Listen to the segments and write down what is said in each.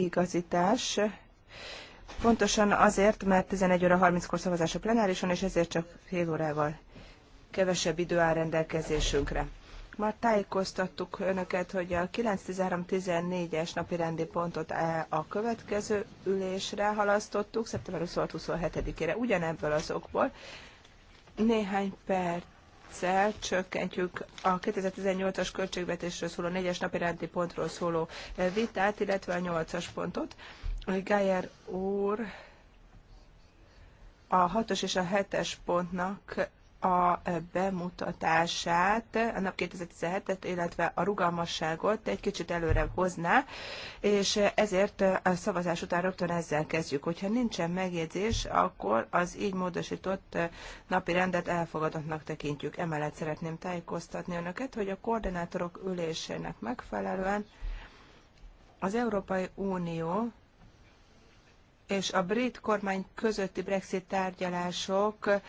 igazítás. Pontosan azért, mert 11 óra 30-kor szavazás a plenárison, és ezért csak fél órával kevesebb idő áll rendelkezésünkre. Már tájékoztattuk Önöket, hogy a 91314 es napi rendi pontot e a következő ülésre halasztottuk, szeptember 26-27-ére, ugyanebből az okból. Néhány perc egyszer csökkentjük a 2018-as költségvetésről szóló 4-es napirendi pontról szóló eh, vitát, illetve a 8-as pontot. Gájer úr a 6-os és a 7-es pontnak a bemutatását, a NAP 2017-et, illetve a rugalmasságot egy kicsit előre hozná, és ezért a szavazás után rögtön ezzel kezdjük. Hogyha nincsen megjegyzés, akkor az így módosított napi rendet elfogadottnak tekintjük. Emellett szeretném tájékoztatni önöket, hogy a koordinátorok ülésének megfelelően az Európai Unió és a brit kormány közötti Brexit tárgyalások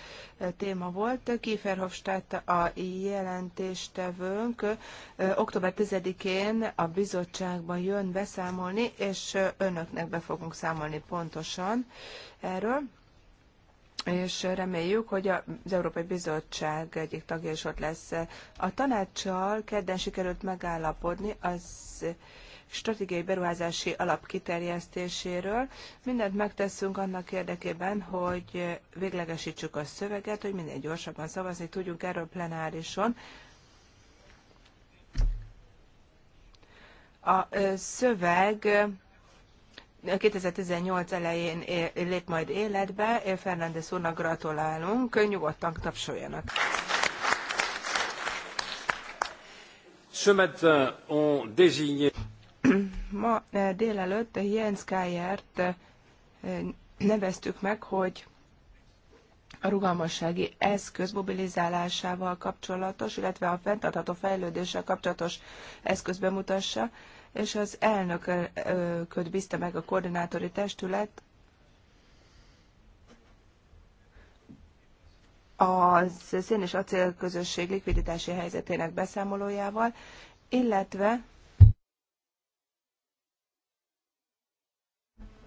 téma volt. Kiefer Hofstadt a jelentéstevőnk október 10-én a bizottságban jön beszámolni, és önöknek be fogunk számolni pontosan erről és reméljük, hogy az Európai Bizottság egyik tagja is ott lesz. A tanácssal kedden sikerült megállapodni az stratégiai beruházási alap kiterjesztéséről. Mindent megteszünk annak érdekében, hogy véglegesítsük a szöveget, hogy minél gyorsabban szavazni tudjunk erről plenárison. A szöveg 2018 elején lép majd életbe. Fernández úrnak gratulálunk, nyugodtan tapsoljanak. Ce matin, on désignait... Ma eh, délelőtt Jens Kájert eh, neveztük meg, hogy a rugalmassági eszköz mobilizálásával kapcsolatos, illetve a fenntartható fejlődéssel kapcsolatos eszköz bemutassa, és az elnököt eh, bízta meg a koordinátori testület a szén és acélközösség likviditási helyzetének beszámolójával, illetve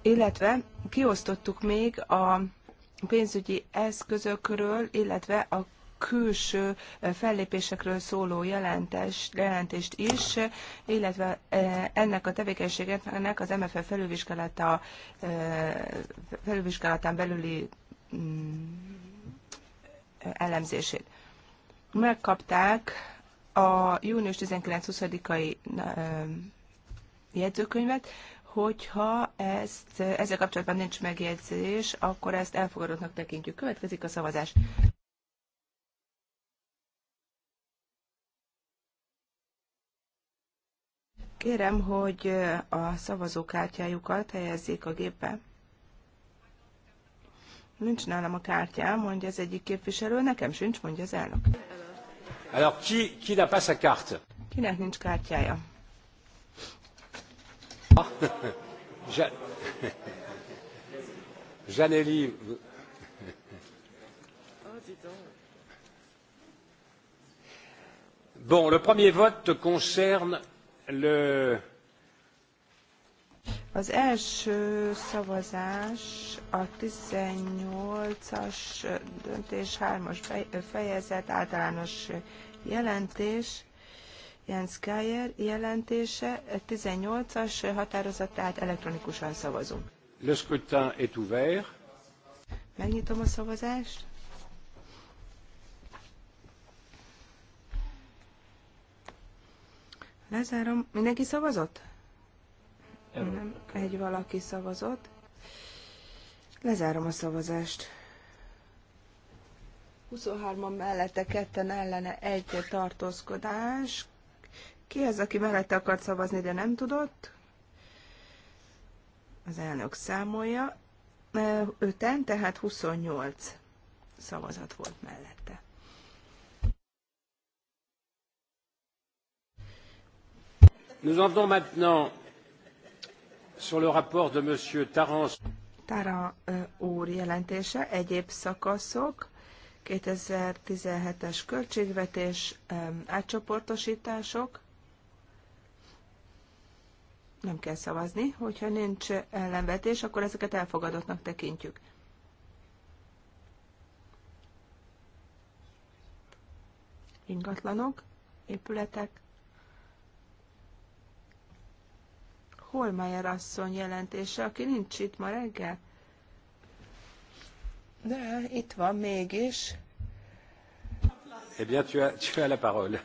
illetve kiosztottuk még a pénzügyi eszközökről, illetve a külső fellépésekről szóló jelentést, jelentést is, illetve e, ennek a tevékenységnek az MFF felülvizsgálata, e, felülvizsgálatán belüli mm, elemzését. Megkapták a június 19-20-ai e, jegyzőkönyvet. Hogyha ezt, ezzel kapcsolatban nincs megjegyzés, akkor ezt elfogadottnak tekintjük. Következik a szavazás. Kérem, hogy a szavazókártyájukat helyezzék a gépbe. Nincs nálam a kártyám, mondja az egyik képviselő, nekem sincs, mondja az elnök. Alors, ki, ki n'a pas sa carte? Kinek nincs kártyája? Janelli. Oh, bon, le premier vote concerne le. Az első szavazás a 18-as döntés 3-as fejezet általános jelentés. Jens Geyer jelentése, 18-as határozatát elektronikusan szavazunk. Le scrutin est ouvert. Megnyitom a szavazást. Lezárom. Mindenki szavazott? Nem, egy valaki szavazott. Lezárom a szavazást. 23-an mellette, ketten ellene egy tartózkodás. Ki az, aki mellette akart szavazni, de nem tudott? Az elnök számolja. Öten, tehát 28 szavazat volt mellette. Nous en venons maintenant sur le rapport de Monsieur Tarans. Tara úr jelentése, egyéb szakaszok, 2017-es költségvetés, átcsoportosítások nem kell szavazni. Hogyha nincs ellenvetés, akkor ezeket elfogadottnak tekintjük. Ingatlanok, épületek. Holmeyer asszony jelentése, aki nincs itt ma reggel. De itt van mégis. Eh bien, tu as, tu as la parole.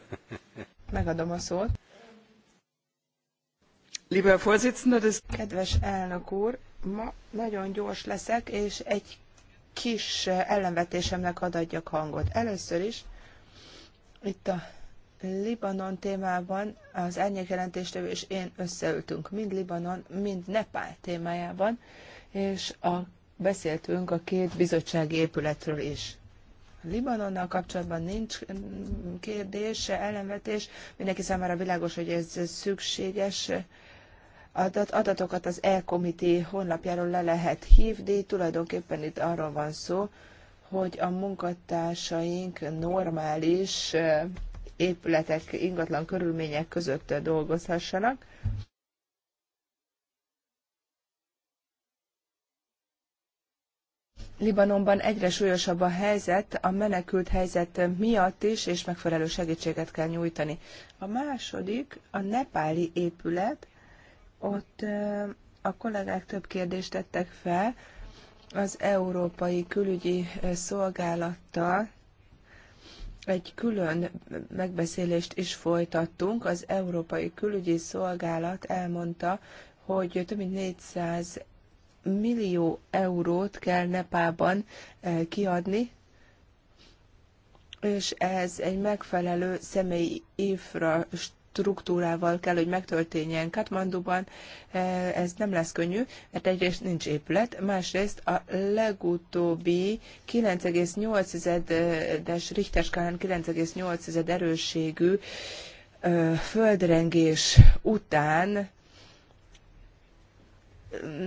Megadom a szót. Kedves elnök úr, ma nagyon gyors leszek, és egy kis ellenvetésemnek ad adjak hangot. Először is itt a Libanon témában az árnyékjelentéstevő és én összeültünk, mind Libanon, mind Nepál témájában, és a, beszéltünk a két bizottsági épületről is. A Libanonnal kapcsolatban nincs kérdés, ellenvetés, mindenki számára világos, hogy ez szükséges adat, adatokat az e-komité honlapjáról le lehet hívni. Tulajdonképpen itt arról van szó, hogy a munkatársaink normális épületek, ingatlan körülmények között dolgozhassanak. Libanonban egyre súlyosabb a helyzet, a menekült helyzet miatt is, és megfelelő segítséget kell nyújtani. A második, a nepáli épület, ott a kollégák több kérdést tettek fel az Európai Külügyi Szolgálattal, egy külön megbeszélést is folytattunk. Az Európai Külügyi Szolgálat elmondta, hogy több mint 400 millió eurót kell Nepában kiadni, és ez egy megfelelő személyi infrastruktúra struktúrával kell, hogy megtörténjen Katmanduban. E, ez nem lesz könnyű, mert egyrészt nincs épület, másrészt a legutóbbi 9,8-es Richter 9,8 erősségű földrengés után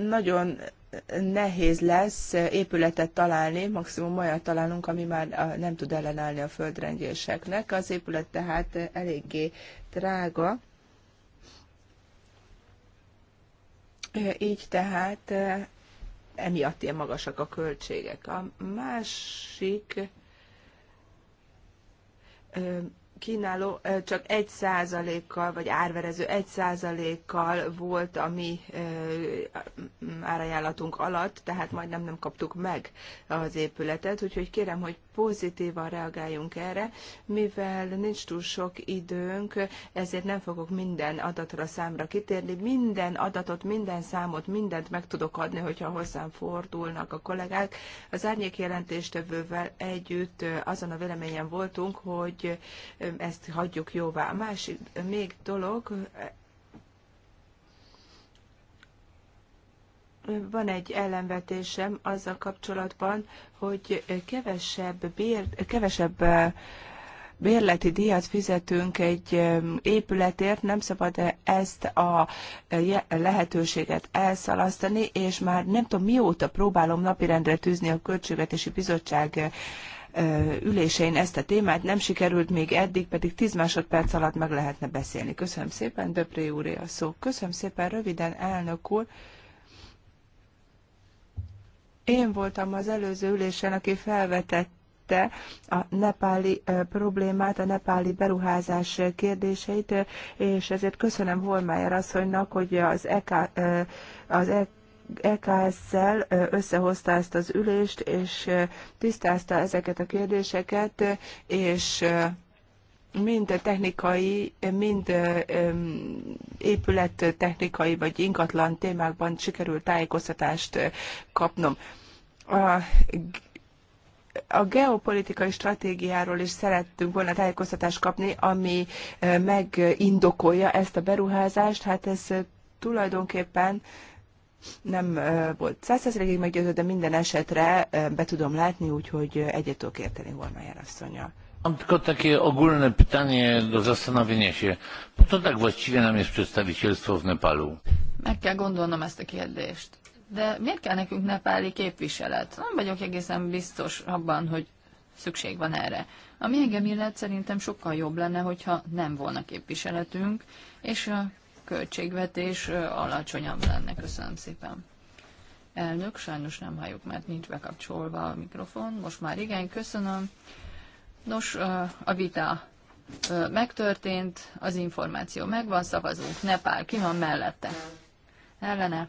nagyon nehéz lesz épületet találni, maximum olyat találunk, ami már nem tud ellenállni a földrengéseknek. Az épület tehát eléggé drága. Így tehát eh, emiatt ilyen magasak a költségek. A másik eh, kínáló csak 1 százalékkal, vagy árverező 1 százalékkal volt a mi árajánlatunk alatt, tehát majdnem nem kaptuk meg az épületet, úgyhogy kérem, hogy pozitívan reagáljunk erre, mivel nincs túl sok időnk, ezért nem fogok minden adatra, számra kitérni. Minden adatot, minden számot, mindent meg tudok adni, hogyha hozzám fordulnak a kollégák. Az árnyék jelentéstevővel együtt azon a véleményen voltunk, hogy ezt hagyjuk jóvá. A másik még dolog, van egy ellenvetésem azzal kapcsolatban, hogy kevesebb, bér, kevesebb bérleti díjat fizetünk egy épületért, nem szabad ezt a lehetőséget elszalasztani, és már nem tudom mióta próbálom napirendre tűzni a Költségvetési Bizottság ülésein ezt a témát, nem sikerült még eddig, pedig 10 másodperc alatt meg lehetne beszélni. Köszönöm szépen, Döpré úré a szó. Köszönöm szépen, röviden elnök úr. Én voltam az előző ülésen, aki felvetette a nepáli problémát, a nepáli beruházás kérdéseit, és ezért köszönöm Holmájer asszonynak, hogy az EK, az EK EKS-szel összehozta ezt az ülést, és tisztázta ezeket a kérdéseket, és mind technikai, mind épület technikai vagy ingatlan témákban sikerült tájékoztatást kapnom. A a geopolitikai stratégiáról is szerettünk volna tájékoztatást kapni, ami megindokolja ezt a beruházást. Hát ez tulajdonképpen nem volt százszerzelékig meggyőző, de minden esetre be tudom látni, úgyhogy egyet tudok érteni Hormájár asszonyjal. Mam tylko takie ogólne pytanie do zastanowienia się. Po co tak właściwie nam jest przedstawicielstwo w Nepalu? Meg kell gondolnom ezt a kérdést. De miért kell nekünk nepáli képviselet? Nem vagyok egészen biztos abban, hogy szükség van erre. Ami engem illet, szerintem sokkal jobb lenne, hogyha nem volna képviseletünk, és a költségvetés alacsonyabb lenne. Köszönöm szépen. Elnök, sajnos nem halljuk, mert nincs bekapcsolva a mikrofon. Most már igen, köszönöm. Nos, a vita megtörtént, az információ megvan, szavazunk. Nepál, ki van mellette? Ellene?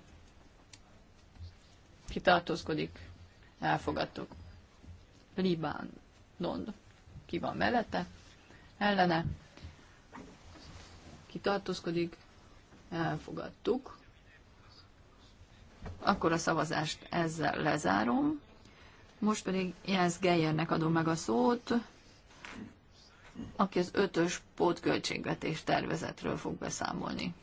Ki tartózkodik? Elfogadtuk. Libán, Lond. Ki van mellette? Ellene? Ki tartózkodik? elfogadtuk. Akkor a szavazást ezzel lezárom. Most pedig Jens Geyernek adom meg a szót, aki az ötös pótköltségvetés tervezetről fog beszámolni.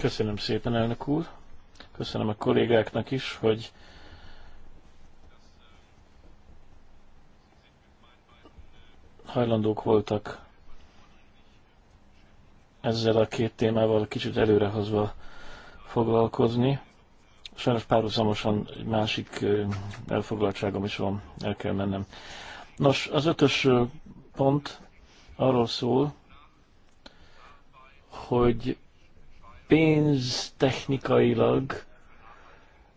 Köszönöm szépen, elnök úr. Köszönöm a kollégáknak is, hogy hajlandók voltak ezzel a két témával kicsit előrehozva foglalkozni. Sajnos párhuzamosan egy másik elfoglaltságom is van, el kell mennem. Nos, az ötös pont arról szól, hogy pénztechnikailag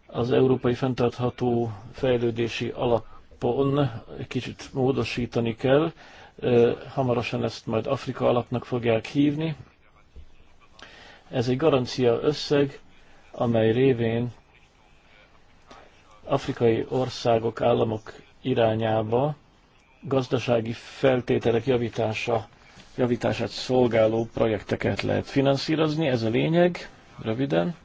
az Európai Fenntartható Fejlődési Alapon kicsit módosítani kell. Hamarosan ezt majd Afrika alapnak fogják hívni, ez egy garancia összeg, amely révén afrikai országok, államok irányába gazdasági feltételek javítása, javítását szolgáló projekteket lehet finanszírozni. Ez a lényeg, röviden.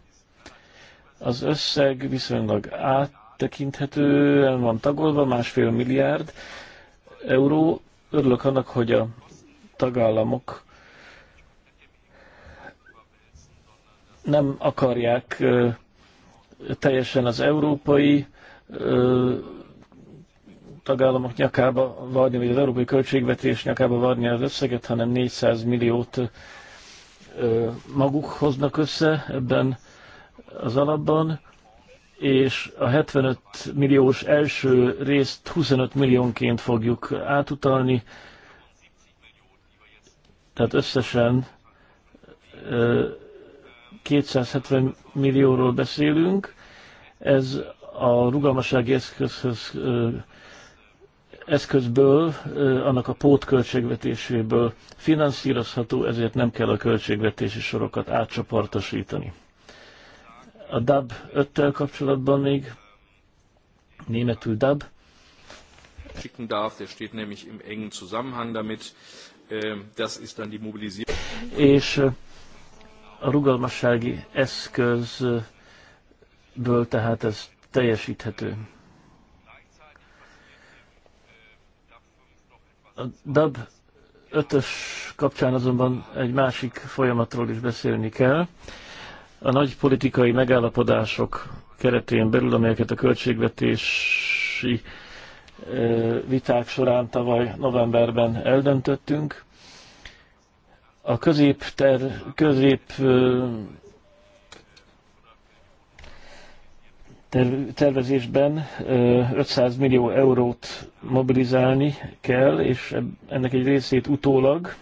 Az összeg viszonylag áttekinthetően van tagolva, másfél milliárd euró. Örülök annak, hogy a tagállamok nem akarják teljesen az európai tagállamok nyakába varni, vagy az európai költségvetés nyakába varni az összeget, hanem 400 milliót maguk hoznak össze ebben az alapban, és a 75 milliós első részt 25 milliónként fogjuk átutalni, tehát összesen 270 millióról beszélünk, ez a rugalmasági eszközhöz, eszközből, annak a pótköltségvetéséből finanszírozható, ezért nem kell a költségvetési sorokat átcsoportosítani. A DAB 5-tel kapcsolatban még, németül DAB, schicken darf, der steht nämlich im engen Zusammenhang damit. Ähm, das ist dann die Mobilisierung. És a rugalmassági eszközből tehát ez teljesíthető. A DAB 5-ös kapcsán azonban egy másik folyamatról is beszélni kell. A nagy politikai megállapodások keretén belül, amelyeket a költségvetési viták során tavaly novemberben eldöntöttünk, a ter, közép tervezésben 500 millió eurót mobilizálni kell, és ennek egy részét utólag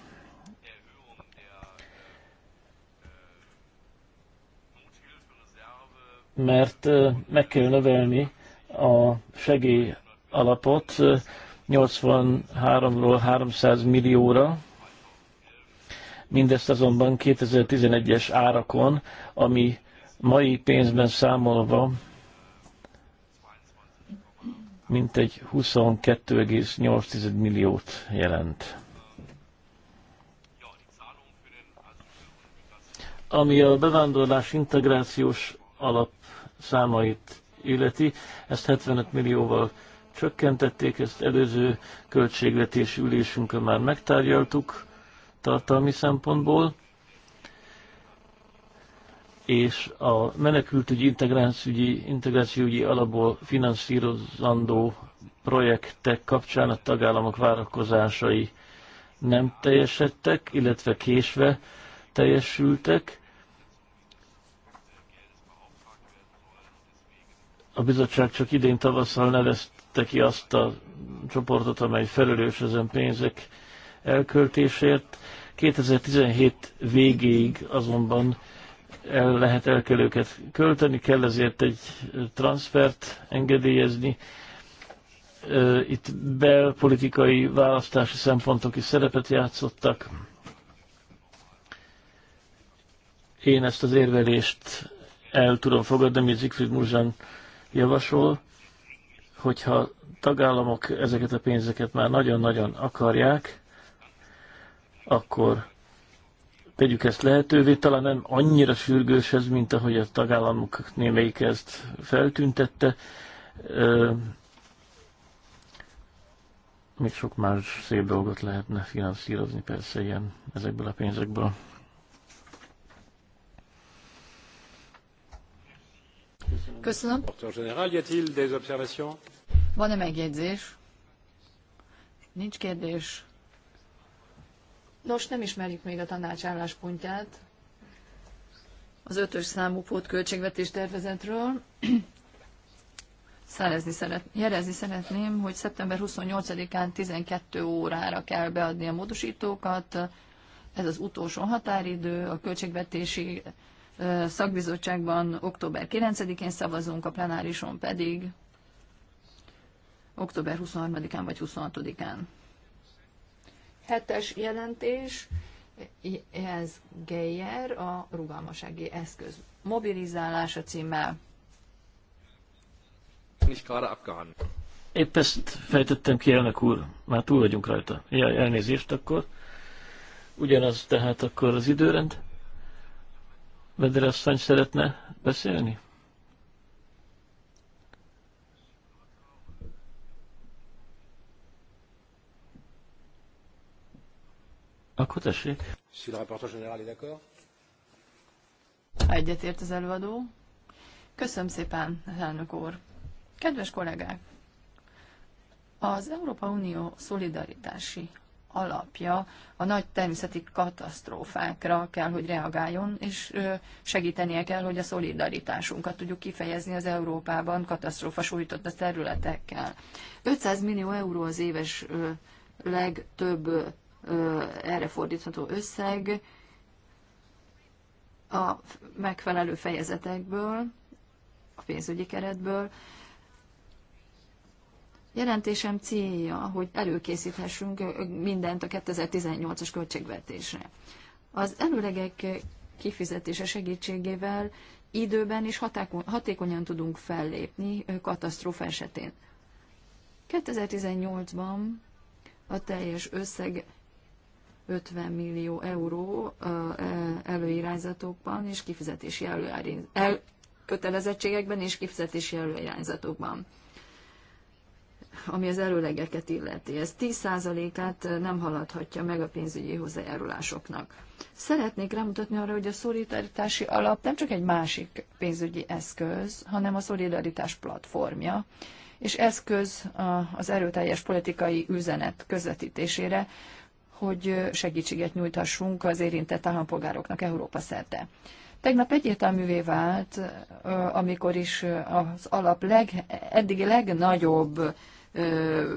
mert meg kell növelni a segély alapot 83-ról 300 millióra, Mindezt azonban 2011-es árakon, ami mai pénzben számolva mintegy 22,8 milliót jelent. Ami a bevándorlás integrációs alap számait illeti, ezt 75 millióval csökkentették, ezt előző költségvetési ülésünkön már megtárgyaltuk tartalmi szempontból, és a menekültügyi integrációügyi, integrációügyi alapból finanszírozandó projektek kapcsán a tagállamok várakozásai nem teljesedtek, illetve késve teljesültek. A bizottság csak idén tavasszal nevezte ki azt a csoportot, amely felelős ezen pénzek elköltésért. 2017 végéig azonban el lehet el kell őket költeni, kell ezért egy transfert engedélyezni. Itt belpolitikai választási szempontok is szerepet játszottak. Én ezt az érvelést el tudom fogadni, amit Zikfried Muzsán javasol, hogyha tagállamok ezeket a pénzeket már nagyon-nagyon akarják, akkor tegyük ezt lehetővé. Talán nem annyira sürgős ez, mint ahogy a tagállamok némelyik ezt feltüntette. Még sok más szép dolgot lehetne finanszírozni persze ilyen ezekből a pénzekből. Köszönöm. Van-e megjegyzés? Nincs kérdés. Nos, nem ismerjük még a tanács álláspontját az ötös számú pótköltségvetés tervezetről. Szerezni szeret, jelezni szeretném, hogy szeptember 28-án 12 órára kell beadni a módosítókat. Ez az utolsó határidő. A költségvetési szakbizottságban október 9-én szavazunk, a plenárison pedig október 23-án vagy 26-án hetes jelentés, ez Geyer, a rugalmasági eszköz mobilizálása címmel. Épp ezt fejtettem ki, elnök úr. Már túl vagyunk rajta. Jaj, elnézést akkor. Ugyanaz tehát akkor az időrend. Vedere asszony szeretne beszélni? Akkor tessék. Si le rapporteur général est d'accord? Egyetért az előadó. Köszönöm szépen, elnök úr. Kedves kollégák! Az Európa Unió szolidaritási alapja a nagy természeti katasztrófákra kell, hogy reagáljon, és segítenie kell, hogy a szolidaritásunkat tudjuk kifejezni az Európában katasztrófa a területekkel. 500 millió euró az éves legtöbb erre fordítható összeg a megfelelő fejezetekből, a pénzügyi keretből. Jelentésem célja, hogy előkészíthessünk mindent a 2018-as költségvetésre. Az előlegek kifizetése segítségével időben és hatékonyan tudunk fellépni katasztrófa esetén. 2018-ban a teljes összeg 50 millió euró e, előirányzatokban és kifizetési előirányzatokban kötelezettségekben és kifizetési előirányzatokban, ami az előlegeket illeti. Ez 10%-át nem haladhatja meg a pénzügyi hozzájárulásoknak. Szeretnék rámutatni arra, hogy a szolidaritási alap nem csak egy másik pénzügyi eszköz, hanem a szolidaritás platformja, és eszköz az erőteljes politikai üzenet közvetítésére, hogy segítséget nyújthassunk az érintett állampolgároknak Európa szerte. Tegnap egyértelművé vált, amikor is az alap leg, eddigi legnagyobb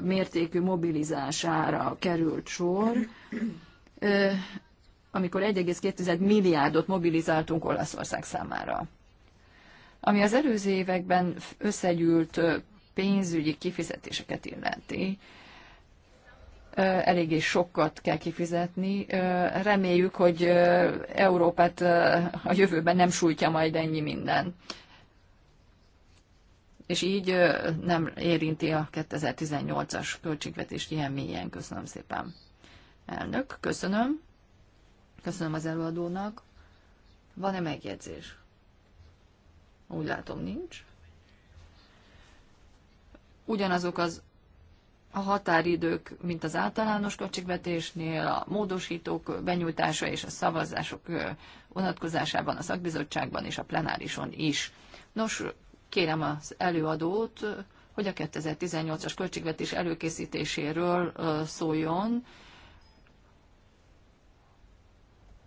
mértékű mobilizására került sor, amikor 1,2 milliárdot mobilizáltunk Olaszország számára. Ami az előző években összegyűlt pénzügyi kifizetéseket illeti, eléggé sokat kell kifizetni. Reméljük, hogy Európát a jövőben nem sújtja majd ennyi minden. És így nem érinti a 2018-as költségvetést ilyen mélyen. Köszönöm szépen. Elnök, köszönöm. Köszönöm az előadónak. Van-e megjegyzés? Úgy látom, nincs. Ugyanazok az a határidők, mint az általános költségvetésnél, a módosítók benyújtása és a szavazások vonatkozásában, a szakbizottságban és a plenárison is. Nos, kérem az előadót, hogy a 2018-as költségvetés előkészítéséről szóljon,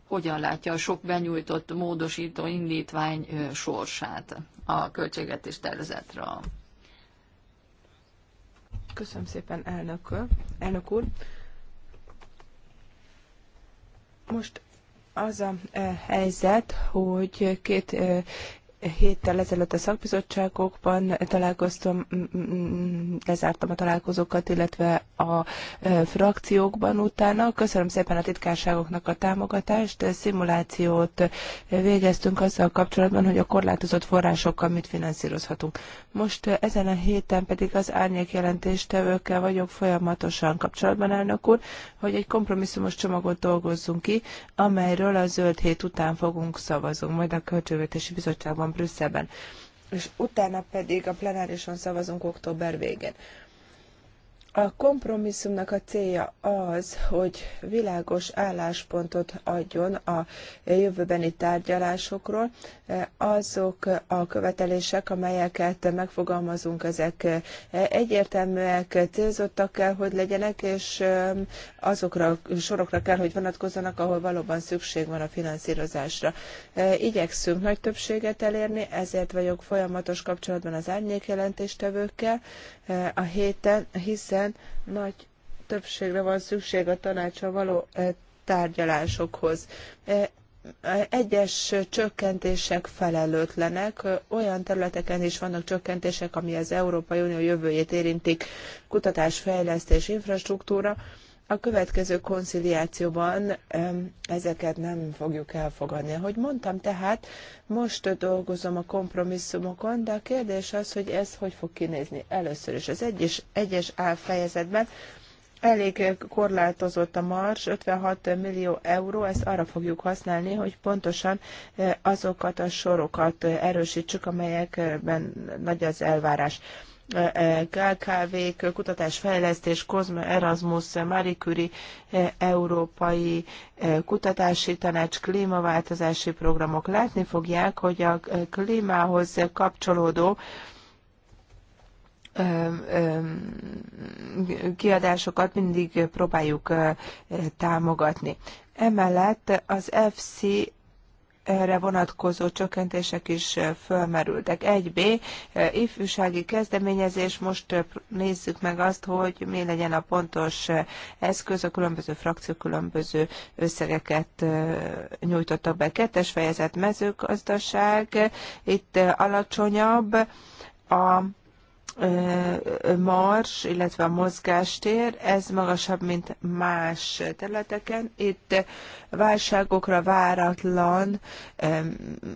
hogyan látja a sok benyújtott módosító indítvány sorsát a költségvetés tervezetről. Köszönöm szépen, elnök, elnök úr. Most az a eh, helyzet, hogy két eh, héttel ezelőtt a szakbizottságokban találkoztam, lezártam a találkozókat, illetve a e, frakciókban utána. Köszönöm szépen a titkárságoknak a támogatást. Szimulációt végeztünk azzal kapcsolatban, hogy a korlátozott forrásokkal mit finanszírozhatunk. Most e, ezen a héten pedig az árnyék jelentéstevőkkel vagyok folyamatosan kapcsolatban, elnök úr, hogy egy kompromisszumos csomagot dolgozzunk ki, amelyről a zöld hét után fogunk szavazunk, majd a Költségvetési Bizottságban Brüsszelben. És utána pedig a plenárison szavazunk október végén. A kompromisszumnak a célja az, hogy világos álláspontot adjon a jövőbeni tárgyalásokról. Azok a követelések, amelyeket megfogalmazunk, ezek egyértelműek, célzottak kell, hogy legyenek, és um, azokra sorokra kell, hogy vonatkozzanak, ahol valóban szükség van a finanszírozásra. E, igyekszünk nagy többséget elérni, ezért vagyok folyamatos kapcsolatban az árnyékjelentéstevőkkel e, a héten, hiszen Nyilván nagy többségre van szükség a tanácsa való e, tárgyalásokhoz. E, egyes csökkentések felelőtlenek, olyan területeken is vannak csökkentések, ami az Európai Unió jövőjét érintik, kutatás, fejlesztés, infrastruktúra, a következő konciliációban ezeket nem fogjuk elfogadni. Ahogy mondtam, tehát most dolgozom a kompromisszumokon, de a kérdés az, hogy ez hogy fog kinézni először is. Az egyes, egyes álfejezetben elég korlátozott a mars, 56 millió euró, ezt arra fogjuk használni, hogy pontosan e, azokat a sorokat e, erősítsük, amelyekben nagy az elvárás kkv e, e, kutatás kutatásfejlesztés, Kozma, Erasmus, Marie Curie, e, Európai Kutatási Tanács, klímaváltozási programok. Látni fogják, hogy a klímához kapcsolódó kiadásokat mindig próbáljuk támogatni. Emellett az FC erre vonatkozó csökkentések is fölmerültek. 1B ifjúsági kezdeményezés, most nézzük meg azt, hogy mi legyen a pontos eszköz, a különböző frakciók különböző összegeket nyújtottak be. Kettes fejezet mezőgazdaság, itt alacsonyabb a mars, illetve a mozgástér, ez magasabb, mint más területeken. Itt válságokra, váratlan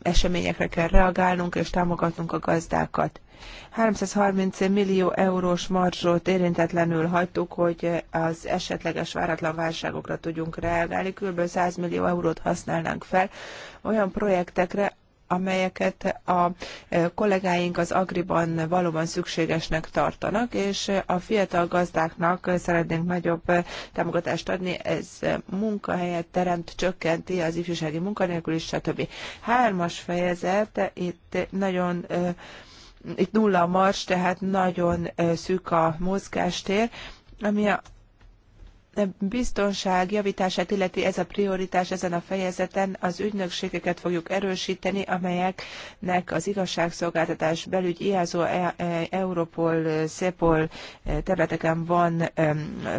eseményekre kell reagálnunk és támogatnunk a gazdákat. 330 millió eurós marzsot érintetlenül hagytuk, hogy az esetleges váratlan válságokra tudjunk reagálni. Kb. 100 millió eurót használnánk fel olyan projektekre, amelyeket a e, kollégáink az Agriban valóban szükségesnek tartanak, és a fiatal gazdáknak szeretnénk nagyobb e, támogatást adni, ez munkahelyet teremt, csökkenti az ifjúsági is, stb. Hármas fejezet, itt nagyon e, itt nulla a mars, tehát nagyon szűk a mozgástér, ami a E, biztonság javtását illeti ez a prioritás ezen a fejezeten, az ügynökségeket fogjuk erősíteni, amelyeknek az igazságszolgáltatás belügy IASO, e, e, Europol, SEPOL területeken van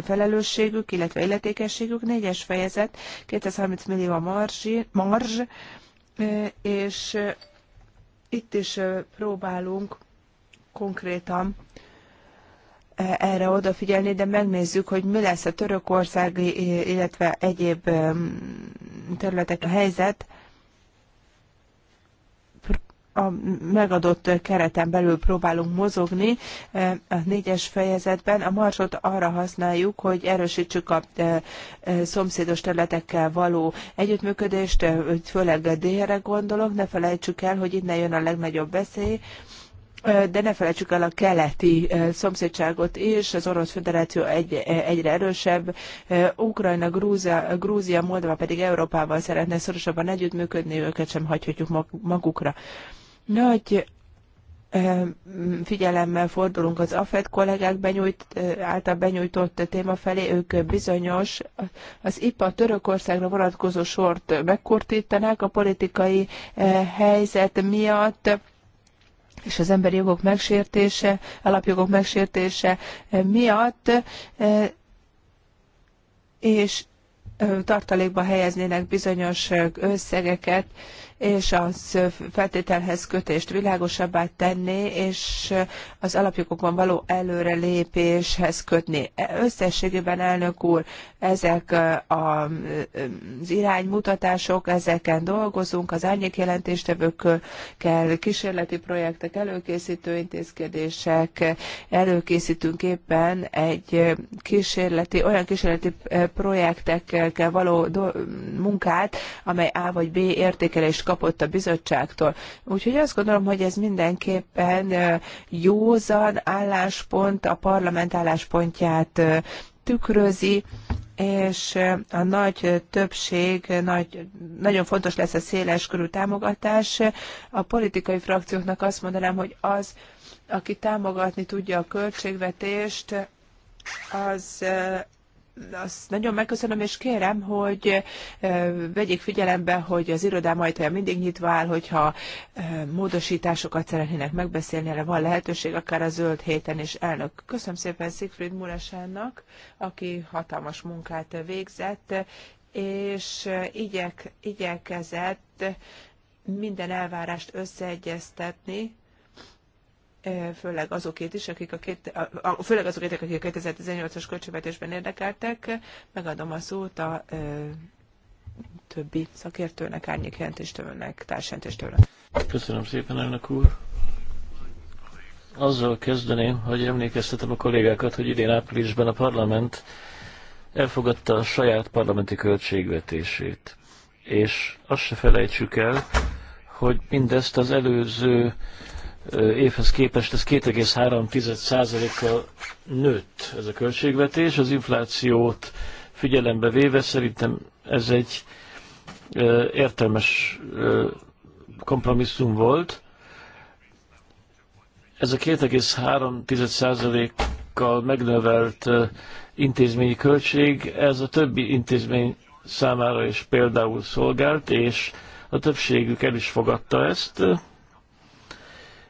felelősségük, illetve illetékességük. Négyes fejezet, 230 millió a marzs, és itt is próbálunk konkrétan erre odafigyelni, de megnézzük, hogy mi lesz a Törökország, illetve egyéb területek a helyzet. A megadott kereten belül próbálunk mozogni. A négyes fejezetben a marsot arra használjuk, hogy erősítsük a e, e, szomszédos területekkel való együttműködést, e, főleg délre gondolok. Ne felejtsük el, hogy innen jön a legnagyobb veszély de ne felejtsük el a keleti szomszédságot is, az Orosz Föderáció egy, egyre erősebb, Ukrajna, Grúzia, Grúzia, Moldova pedig Európával szeretne szorosabban együttműködni, őket sem hagyhatjuk magukra. Nagy figyelemmel fordulunk az AFED kollégák benyújt, által benyújtott téma felé, ők bizonyos az IPA Törökországra vonatkozó sort megkurtítanák a politikai helyzet miatt és az emberi jogok megsértése, alapjogok megsértése eh, miatt, eh, és eh, tartalékba helyeznének bizonyos összegeket, és az feltételhez kötést világosabbá tenni, és az alapjogokban való előrelépéshez kötni. Összességében, elnök úr, ezek az iránymutatások, ezeken dolgozunk, az árnyékjelentéstevőkkel, kísérleti projektek, előkészítő intézkedések, előkészítünk éppen egy kísérleti, olyan kísérleti projektekkel való munkát, amely A vagy B értékelést kap, kapott a bizottságtól. Úgyhogy azt gondolom, hogy ez mindenképpen józan álláspont, a parlament álláspontját tükrözi, és a nagy többség, nagy, nagyon fontos lesz a széles körű támogatás. A politikai frakcióknak azt mondanám, hogy az, aki támogatni tudja a költségvetést, az azt nagyon megköszönöm, és kérem, hogy eh, vegyék figyelembe, hogy az irodám ajtaja mindig nyitva áll, hogyha eh, módosításokat szeretnének megbeszélni, erre van lehetőség, akár a zöld héten is elnök. Köszönöm szépen Siegfried Muresánnak, aki hatalmas munkát végzett, és eh, igyek, igyekezett minden elvárást összeegyeztetni, Eh, főleg azokét is, akik a, két, a főleg azokét, akik a 2018-as költségvetésben érdekeltek, megadom a szót a ö, eh, többi szakértőnek, árnyék jelentéstőnek, társjelentéstőnek. Köszönöm szépen, elnök úr. Azzal kezdeném, hogy emlékeztetem a kollégákat, hogy idén áprilisban a parlament elfogadta a saját parlamenti költségvetését. És azt se felejtsük el, hogy mindezt az előző évhez képest ez 2,3%-kal nőtt ez a költségvetés. Az inflációt figyelembe véve szerintem ez egy értelmes kompromisszum volt. Ez a 2,3%-kal megnövelt intézményi költség, ez a többi intézmény számára is például szolgált, és a többségük el is fogadta ezt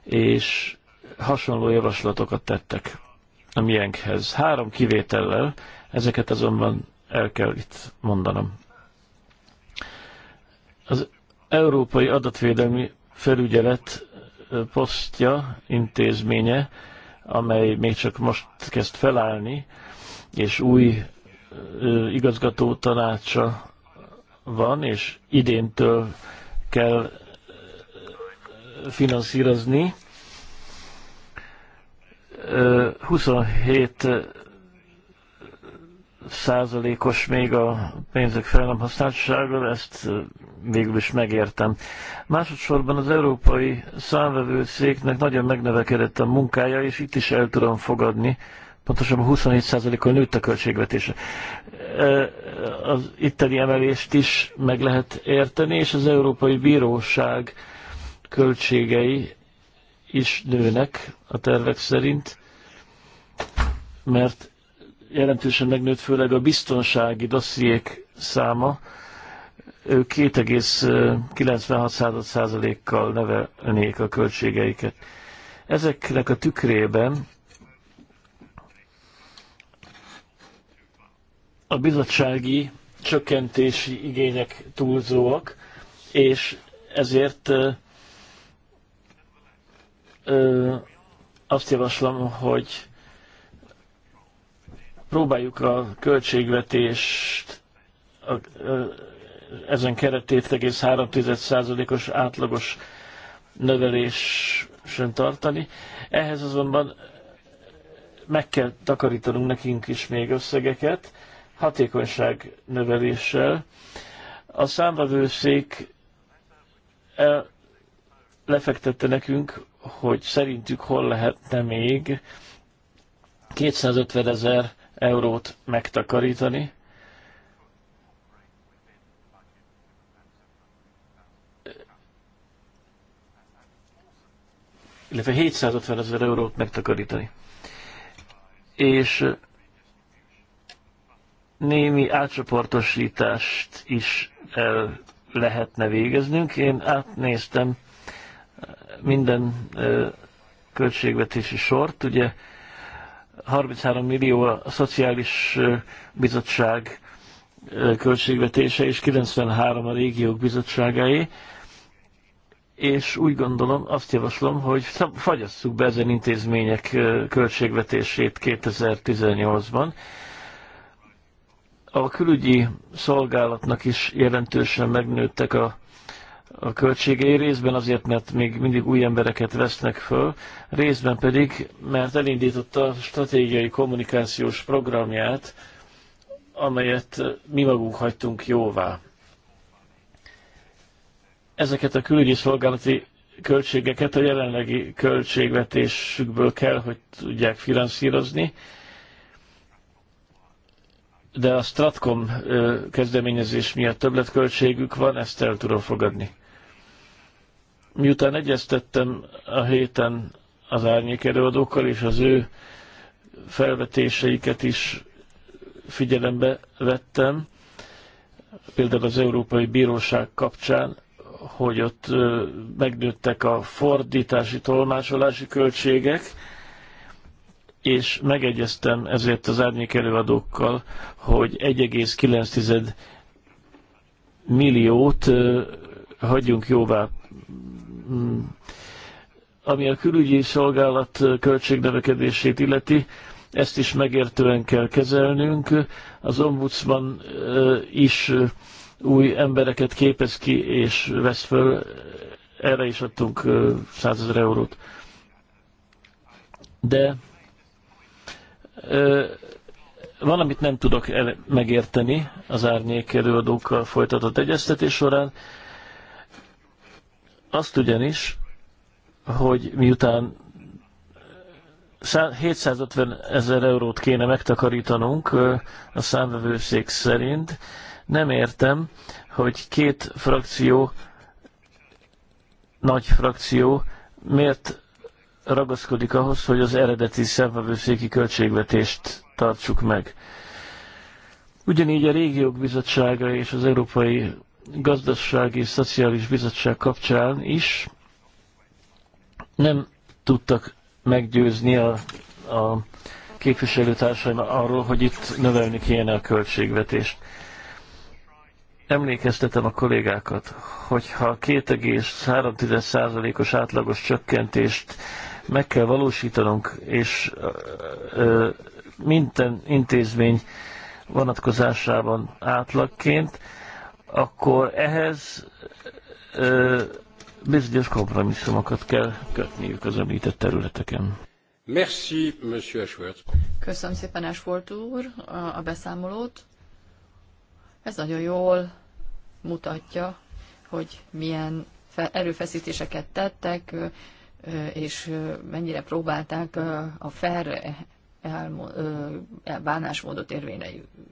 és hasonló javaslatokat tettek a miénkhez. Három kivétellel, ezeket azonban el kell itt mondanom. Az Európai Adatvédelmi Felügyelet posztja, intézménye, amely még csak most kezd felállni, és új igazgató tanácsa van, és idéntől kell finanszírozni. 27 százalékos még a pénzek fel nem használtsága, ezt végül is megértem. Másodszorban az európai számvevőszéknek nagyon megnevekedett a munkája, és itt is el tudom fogadni, pontosabban 27%-kal nőtt a költségvetése. Az itteni emelést is meg lehet érteni, és az Európai Bíróság költségei is nőnek a tervek szerint, mert jelentősen megnőtt főleg a biztonsági dossziék száma, ők 2,96 kal nevelnék a költségeiket. Ezeknek a tükrében a bizottsági csökkentési igények túlzóak, és ezért ö, azt javaslom, hogy próbáljuk a költségvetést a, ö, ezen keretét 2,3%-os átlagos növelésen tartani. Ehhez azonban meg kell takarítanunk nekünk is még összegeket hatékonyság növeléssel. A számvevőszék e, lefektette nekünk hogy szerintük hol lehetne még 250 ezer eurót megtakarítani. illetve 750 ezer eurót megtakarítani. És némi átcsoportosítást is el lehetne végeznünk. Én átnéztem minden költségvetési sort. Ugye 33 millió a Szociális Bizottság költségvetése, és 93 a régiók bizottságáé, és úgy gondolom, azt javaslom, hogy fagyasszuk be ezen intézmények költségvetését 2018-ban. A külügyi szolgálatnak is jelentősen megnőttek a a költségei részben azért, mert még mindig új embereket vesznek föl, részben pedig, mert elindította a stratégiai kommunikációs programját, amelyet mi magunk hagytunk jóvá. Ezeket a külügyi szolgálati költségeket a jelenlegi költségvetésükből kell, hogy tudják finanszírozni, de a Stratcom kezdeményezés miatt többletköltségük van, ezt el tudom fogadni. Miután egyeztettem a héten az árnyék előadókkal, és az ő felvetéseiket is figyelembe vettem, például az Európai Bíróság kapcsán, hogy ott megnőttek a fordítási, tolmásolási költségek, és megegyeztem ezért az árnyék előadókkal, hogy 1,9 milliót hagyjunk jóvá Hmm. ami a külügyi szolgálat költségnövekedését illeti, ezt is megértően kell kezelnünk. Az ombudsman is új embereket képez ki és vesz föl, erre is adtunk 100 ezer eurót. De valamit nem tudok megérteni az árnyék előadókkal folytatott egyeztetés során, azt ugyanis, hogy miután 750 ezer eurót kéne megtakarítanunk a számvevőszék szerint, nem értem, hogy két frakció, nagy frakció miért ragaszkodik ahhoz, hogy az eredeti számvevőszéki költségvetést tartsuk meg. Ugyanígy a régiók bizottsága és az Európai gazdasági és szociális bizottság kapcsán is nem tudtak meggyőzni a, a képviselőtársaim arról, hogy itt növelni kéne a költségvetést. Emlékeztetem a kollégákat, hogyha 2,3%-os átlagos csökkentést meg kell valósítanunk, és ö, minden intézmény vonatkozásában átlagként, akkor ehhez ö, bizonyos kompromisszumokat kell kötniük az említett területeken. Merci, Monsieur Ashworth. Köszönöm szépen, Ashworth úr, a beszámolót. Ez nagyon jól mutatja, hogy milyen erőfeszítéseket tettek, és mennyire próbálták a fair e-, e-, bánásmódot érvényre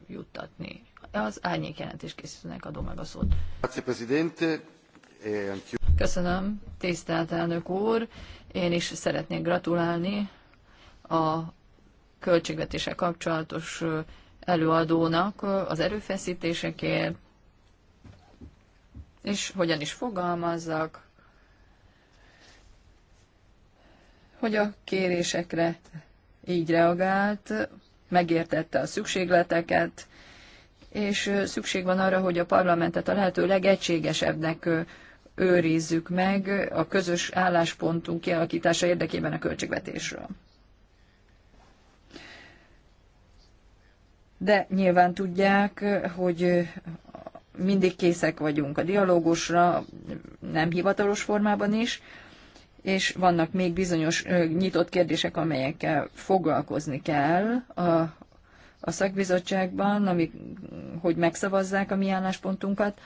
juttatni az árnyék jelentés készítőnek adom meg a szót. E, Köszönöm, tisztelt elnök úr. Én is szeretnék gratulálni a költségvetése kapcsolatos előadónak az erőfeszítésekért, és hogyan is fogalmazzak, hogy a kérésekre így reagált, megértette a szükségleteket, és szükség van arra, hogy a parlamentet a lehető legegységesebbnek őrizzük meg a közös álláspontunk kialakítása érdekében a költségvetésről. De nyilván tudják, hogy mindig készek vagyunk a dialógusra, nem hivatalos formában is, és vannak még bizonyos nyitott kérdések, amelyekkel foglalkozni kell a, a szakbizottságban, ami hogy megszavazzák a mi álláspontunkat.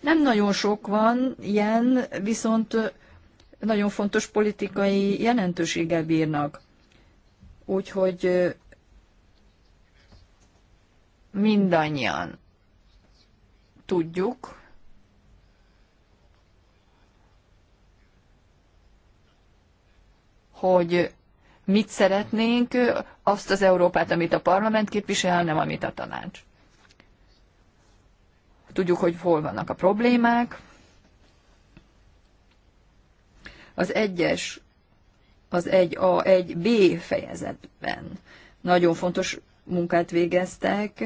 Nem nagyon sok van ilyen, viszont nagyon fontos politikai jelentőséggel bírnak. Úgyhogy mindannyian tudjuk, hogy mit szeretnénk, azt az Európát, amit a parlament képvisel, nem amit a tanács. Tudjuk, hogy hol vannak a problémák. Az egyes, az egy a egy b fejezetben nagyon fontos munkát végeztek,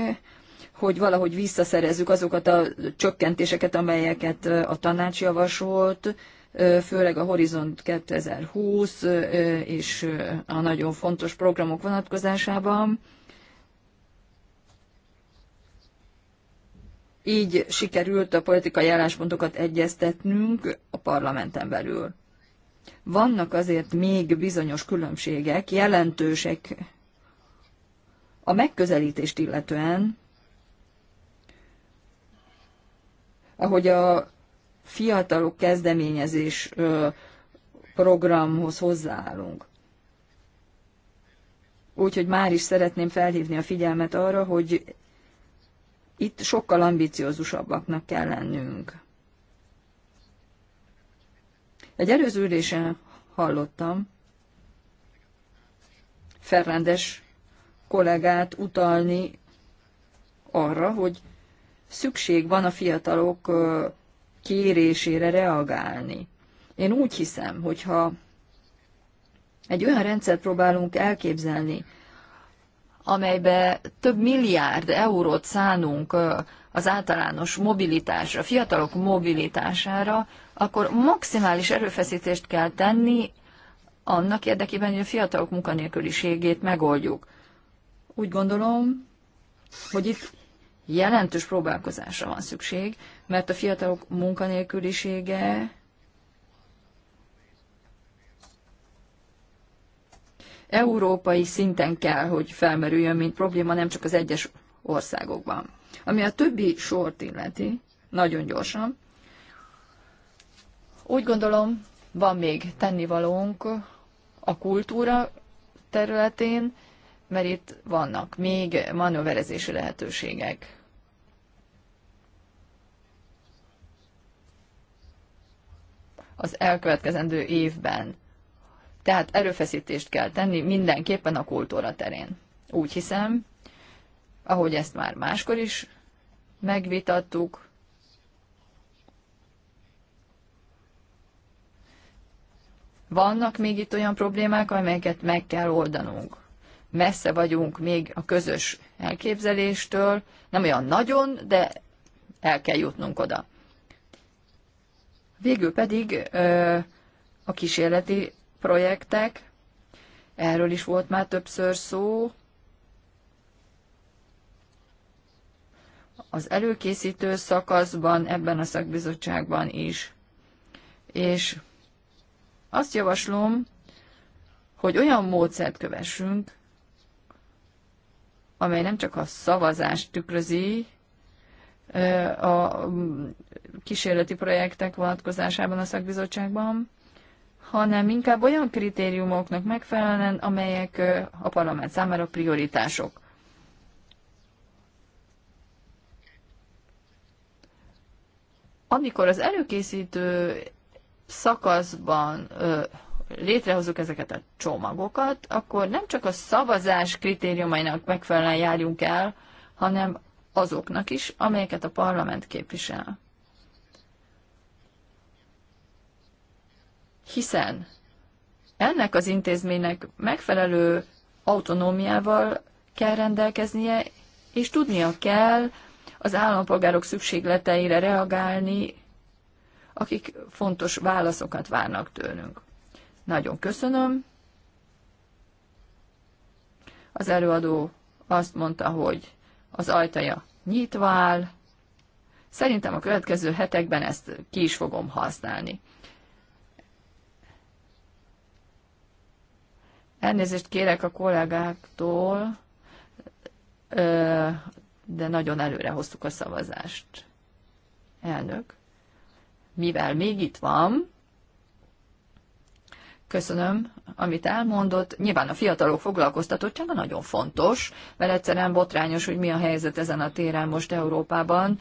hogy valahogy visszaszerezzük azokat a csökkentéseket, amelyeket a tanács javasolt, főleg a Horizont 2020 és a nagyon fontos programok vonatkozásában. Így sikerült a politikai álláspontokat egyeztetnünk a parlamenten belül. Vannak azért még bizonyos különbségek, jelentősek a megközelítést illetően, ahogy a fiatalok kezdeményezés programhoz hozzáállunk. Úgyhogy már is szeretném felhívni a figyelmet arra, hogy itt sokkal ambiciózusabbaknak kell lennünk. Egy előző ülésen hallottam Ferrandes kollégát utalni arra, hogy szükség van a fiatalok kérésére reagálni. Én úgy hiszem, hogyha egy olyan rendszert próbálunk elképzelni, amelybe több milliárd eurót szánunk az általános mobilitásra, fiatalok mobilitására, akkor maximális erőfeszítést kell tenni annak érdekében, hogy a fiatalok munkanélküliségét megoldjuk. Úgy gondolom, hogy itt jelentős próbálkozásra van szükség, mert a fiatalok munkanélkülisége európai szinten kell, hogy felmerüljön, mint probléma, nem csak az egyes országokban. Ami a többi sort illeti, nagyon gyorsan, úgy gondolom, van még tennivalónk a kultúra területén, mert itt vannak még manőverezési lehetőségek. az elkövetkezendő évben. Tehát erőfeszítést kell tenni mindenképpen a kultúra terén. Úgy hiszem, ahogy ezt már máskor is megvitattuk, vannak még itt olyan problémák, amelyeket meg kell oldanunk. Messze vagyunk még a közös elképzeléstől, nem olyan nagyon, de el kell jutnunk oda. Végül pedig a kísérleti projektek, erről is volt már többször szó, az előkészítő szakaszban, ebben a szakbizottságban is. És azt javaslom, hogy olyan módszert kövessünk, amely nem csak a szavazást tükrözi, a kísérleti projektek vonatkozásában a szakbizottságban, hanem inkább olyan kritériumoknak megfelelően, amelyek a parlament számára prioritások. Amikor az előkészítő szakaszban létrehozunk ezeket a csomagokat, akkor nem csak a szavazás kritériumainak megfelelően járjunk el, hanem azoknak is, amelyeket a parlament képvisel. Hiszen ennek az intézménynek megfelelő autonómiával kell rendelkeznie, és tudnia kell az állampolgárok szükségleteire reagálni, akik fontos válaszokat várnak tőlünk. Nagyon köszönöm. Az előadó azt mondta, hogy az ajtaja nyitva áll. Szerintem a következő hetekben ezt ki is fogom használni. Elnézést kérek a kollégáktól, de nagyon előre hoztuk a szavazást. Elnök, mivel még itt van, köszönöm, amit elmondott. Nyilván a fiatalok foglalkoztatottsága nagyon fontos, mert egyszerűen botrányos, hogy mi a helyzet ezen a téren most Európában.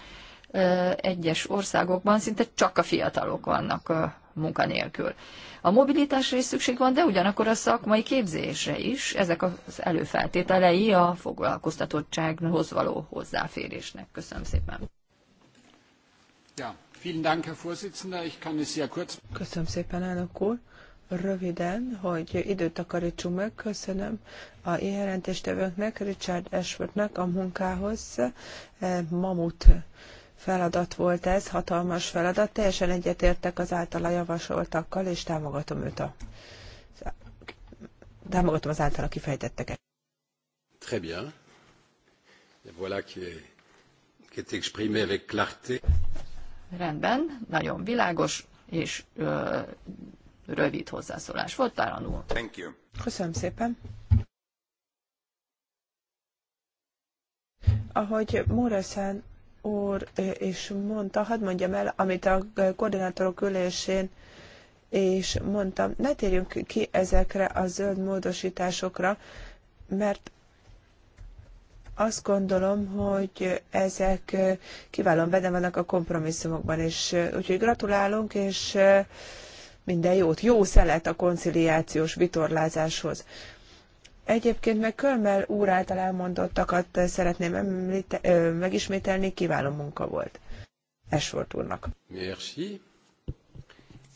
Egyes országokban szinte csak a fiatalok vannak munkanélkül. A mobilitásra is szükség van, de ugyanakkor a szakmai képzésre is. Ezek az előfeltételei a foglalkoztatottsághoz való hozzáférésnek. Köszönöm szépen. Ja, vielen Dank, Herr Vorsitzender. Ich kann es sehr kurz... Köszönöm szépen, elnök úr röviden, hogy időt takarítsunk meg. Köszönöm a jelentéstevőnknek, Richard Ashfordnak a munkához. E, mamut feladat volt ez, hatalmas feladat. Teljesen egyetértek az általa javasoltakkal, és támogatom őt a támogatom az általa kifejtetteket. Très bien. Et voilà qui est, qui est exprimé avec clarté. Rendben, nagyon világos és ö, rövid hozzászólás volt, Páran Thank you. Köszönöm szépen. Ahogy Morrison úr is mondta, hadd mondjam el, amit a koordinátorok ülésén és mondtam, ne térjünk ki ezekre a zöld módosításokra, mert azt gondolom, hogy ezek kiválóan benne vannak a kompromisszumokban, és úgyhogy gratulálunk, és minden jót, jó szelet a konciliációs vitorlázáshoz. Egyébként meg Körmel úr által elmondottakat szeretném emlite- megismételni, kiváló munka volt. Esford úrnak. Merci.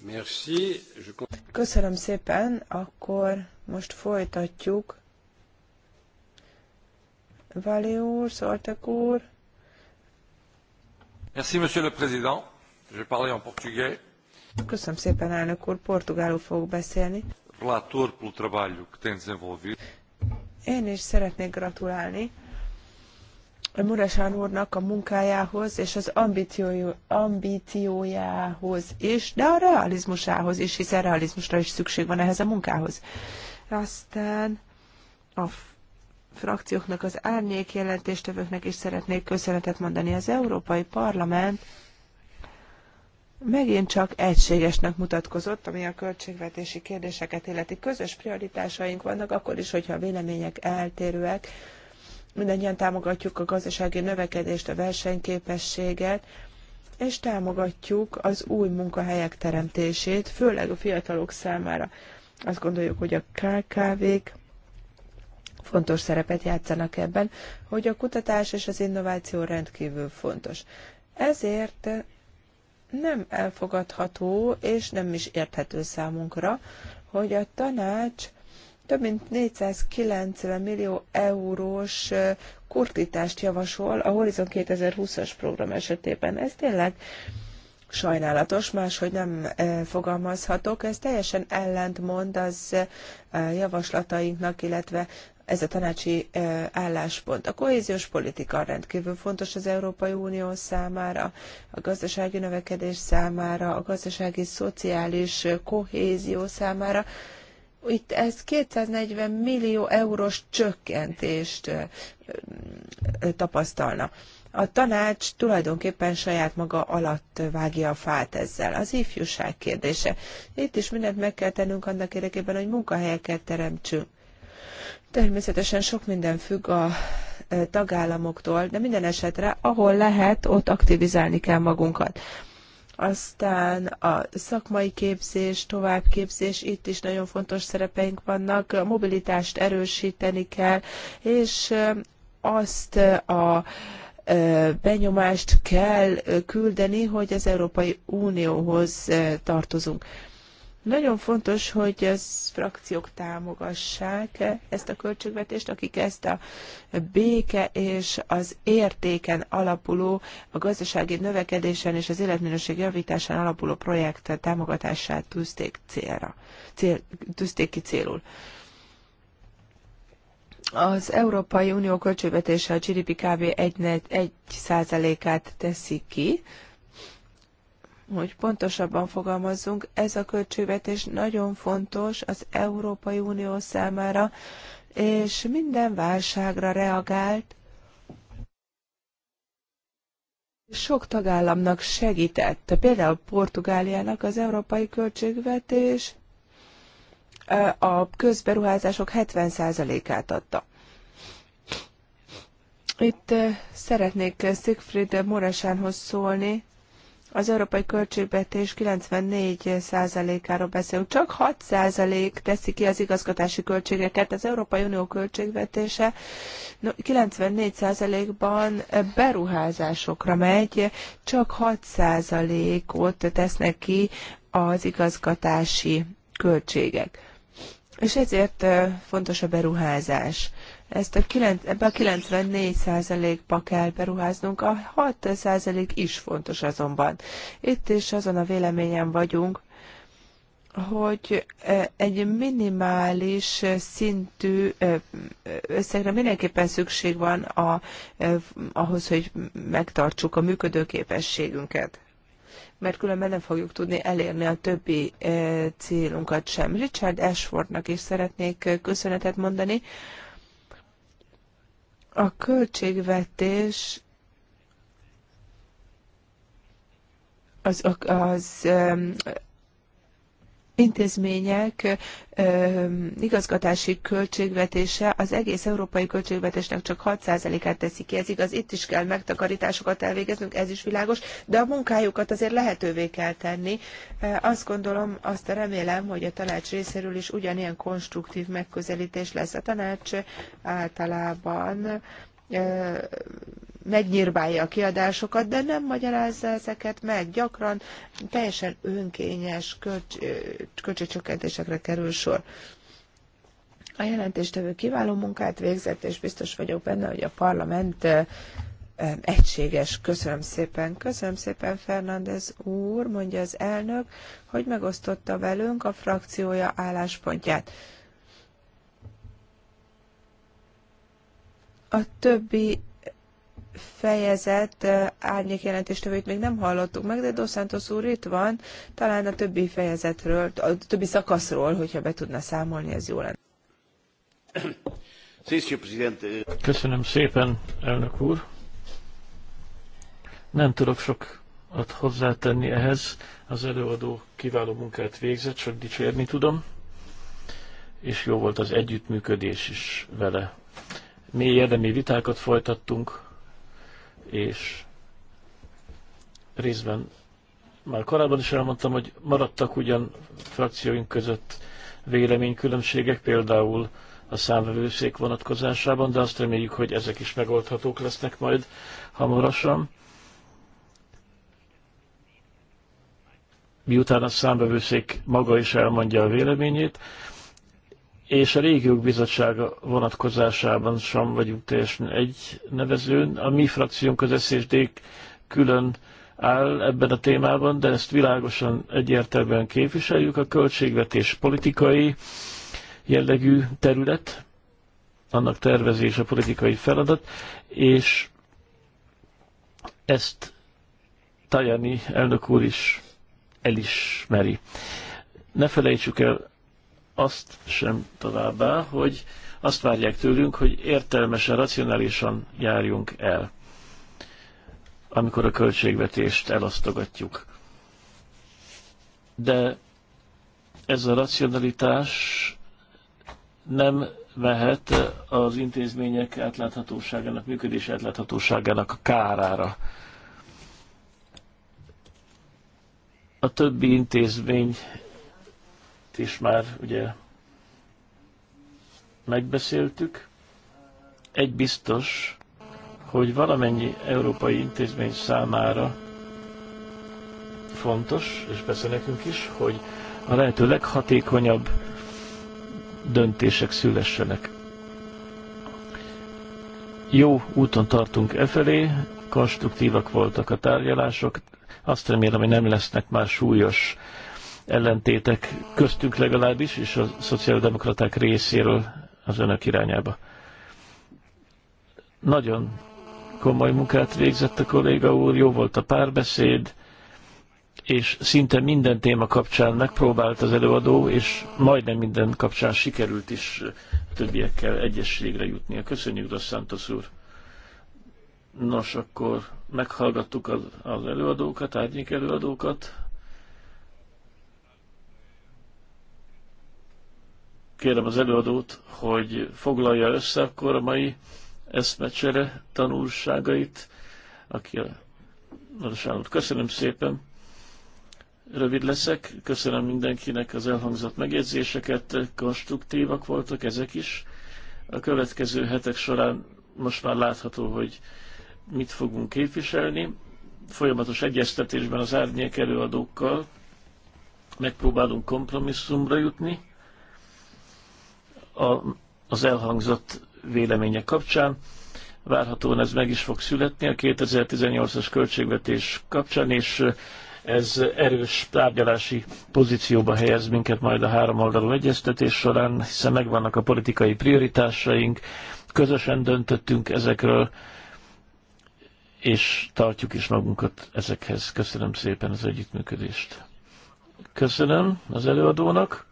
Merci. Je... Köszönöm szépen, akkor most folytatjuk. Vali úr, Szoltek úr. Merci, monsieur le président. Je parlais en portugais. Köszönöm szépen, elnök úr. Portugálul fogok beszélni. Relator pelo trabalho que tem desenvolvido. Én is szeretnék gratulálni Muresán úrnak a munkájához és az ambíciójához is, de a realizmusához is, hiszen realizmusra is szükség van ehhez a munkához. Aztán a frakcióknak, az árnyék jelentéstevőknek is szeretnék köszönetet mondani. Az Európai Parlament megint csak egységesnek mutatkozott, ami a költségvetési kérdéseket illeti. Közös prioritásaink vannak, akkor is, hogyha a vélemények eltérőek. mindannyian támogatjuk a gazdasági növekedést, a versenyképességet, és támogatjuk az új munkahelyek teremtését, főleg a fiatalok számára. Azt gondoljuk, hogy a KKV-k fontos szerepet játszanak ebben, hogy a kutatás és az innováció rendkívül fontos. Ezért nem elfogadható és nem is érthető számunkra, hogy a tanács több mint 490 millió eurós kurtítást javasol a Horizon 2020-as program esetében. Ez tényleg sajnálatos, máshogy nem fogalmazhatok. Ez teljesen ellentmond az javaslatainknak, illetve ez a tanácsi álláspont. A kohéziós politika rendkívül fontos az Európai Unió számára, a gazdasági növekedés számára, a gazdasági szociális kohézió számára. Itt ez 240 millió eurós csökkentést tapasztalna. A tanács tulajdonképpen saját maga alatt vágja a fát ezzel. Az ifjúság kérdése. Itt is mindent meg kell tennünk annak érdekében, hogy munkahelyeket teremtsünk Természetesen sok minden függ a tagállamoktól, de minden esetre, ahol lehet, ott aktivizálni kell magunkat. Aztán a szakmai képzés, továbbképzés, itt is nagyon fontos szerepeink vannak, a mobilitást erősíteni kell, és azt a benyomást kell küldeni, hogy az Európai Unióhoz tartozunk. Nagyon fontos, hogy az frakciók támogassák ezt a költségvetést, akik ezt a béke és az értéken alapuló, a gazdasági növekedésen és az életminőség javításán alapuló projekt támogatását tűzték, célra, cél, tűzték ki célul. Az Európai Unió költségvetése a GDP kb. 1%-át teszi ki, hogy pontosabban fogalmazzunk, ez a költségvetés nagyon fontos az Európai Unió számára, és minden válságra reagált, sok tagállamnak segített, például Portugáliának az európai költségvetés a közberuházások 70%-át adta. Itt szeretnék Siegfried Moresánhoz szólni, az európai költségvetés 94%-áról beszélünk. Csak 6% teszi ki az igazgatási költségeket. Az Európai Unió költségvetése 94%-ban beruházásokra megy, csak 6%-ot tesznek ki az igazgatási költségek. És ezért fontos a beruházás ezt a 9, ebbe a 94%-ba kell beruháznunk, a 6% is fontos azonban. Itt is azon a véleményen vagyunk, hogy egy minimális szintű összegre mindenképpen szükség van a, ahhoz, hogy megtartsuk a működőképességünket mert különben nem fogjuk tudni elérni a többi célunkat sem. Richard Ashfordnak is szeretnék köszönetet mondani, a költségvetés az, az, az intézmények igazgatási költségvetése az egész európai költségvetésnek csak 6%-át teszi ki. Ez igaz, itt is kell megtakarításokat elvégeznünk, ez is világos, de a munkájukat azért lehetővé kell tenni. Azt gondolom, azt remélem, hogy a tanács részéről is ugyanilyen konstruktív megközelítés lesz. A tanács általában megnyírbálja a kiadásokat, de nem magyarázza ezeket meg. Gyakran teljesen önkényes költs, költségcsökkentésekre kerül sor. A jelentéstevő kiváló munkát végzett, és biztos vagyok benne, hogy a parlament egységes. Köszönöm szépen. Köszönöm szépen, Fernández úr, mondja az elnök, hogy megosztotta velünk a frakciója álláspontját. A többi fejezet eh, árnyékjelentéstevőit még nem hallottuk meg, de Dos Santos úr itt van, talán a többi fejezetről, a többi szakaszról, hogyha be tudna számolni, ez jó lenne. Köszönöm szépen, elnök úr. Nem tudok sokat hozzátenni ehhez. Az előadó kiváló munkát végzett, csak dicsérni tudom. És jó volt az együttműködés is vele. Mély érdemi vitákat folytattunk, és részben már korábban is elmondtam, hogy maradtak ugyan frakcióink között véleménykülönbségek, például a számvevőszék vonatkozásában, de azt reméljük, hogy ezek is megoldhatók lesznek majd hamarosan. Miután a számvevőszék maga is elmondja a véleményét, és a régiók bizottsága vonatkozásában sem vagyunk teljesen egy nevezőn. A mi frakciónk az SZSD külön áll ebben a témában, de ezt világosan egyértelműen képviseljük. A költségvetés politikai jellegű terület, annak tervezése politikai feladat, és ezt Tajani elnök úr is elismeri. Ne felejtsük el azt sem továbbá, hogy azt várják tőlünk, hogy értelmesen, racionálisan járjunk el, amikor a költségvetést elosztogatjuk. De ez a racionalitás nem vehet az intézmények átláthatóságának, működés átláthatóságának a kárára. A többi intézmény is már ugye megbeszéltük. Egy biztos, hogy valamennyi európai intézmény számára fontos, és persze nekünk is, hogy a lehető leghatékonyabb döntések szülessenek. Jó úton tartunk e felé, konstruktívak voltak a tárgyalások, azt remélem, hogy nem lesznek már súlyos ellentétek köztünk legalábbis, és a szociáldemokraták részéről az önök irányába. Nagyon komoly munkát végzett a kolléga úr, jó volt a párbeszéd, és szinte minden téma kapcsán megpróbált az előadó, és majdnem minden kapcsán sikerült is többiekkel egyességre jutnia. Köszönjük, Dos Santos úr! Nos, akkor meghallgattuk az, az előadókat, árnyék előadókat. kérem az előadót, hogy foglalja össze akkor a mai eszmecsere tanulságait, aki a Vörösállat. Köszönöm szépen, rövid leszek, köszönöm mindenkinek az elhangzott megjegyzéseket, konstruktívak voltak ezek is. A következő hetek során most már látható, hogy mit fogunk képviselni. Folyamatos egyeztetésben az árnyék előadókkal megpróbálunk kompromisszumra jutni a, az elhangzott véleménye kapcsán. Várhatóan ez meg is fog születni a 2018-as költségvetés kapcsán, és ez erős tárgyalási pozícióba helyez minket majd a három oldalú egyeztetés során, hiszen megvannak a politikai prioritásaink, közösen döntöttünk ezekről, és tartjuk is magunkat ezekhez. Köszönöm szépen az együttműködést. Köszönöm az előadónak.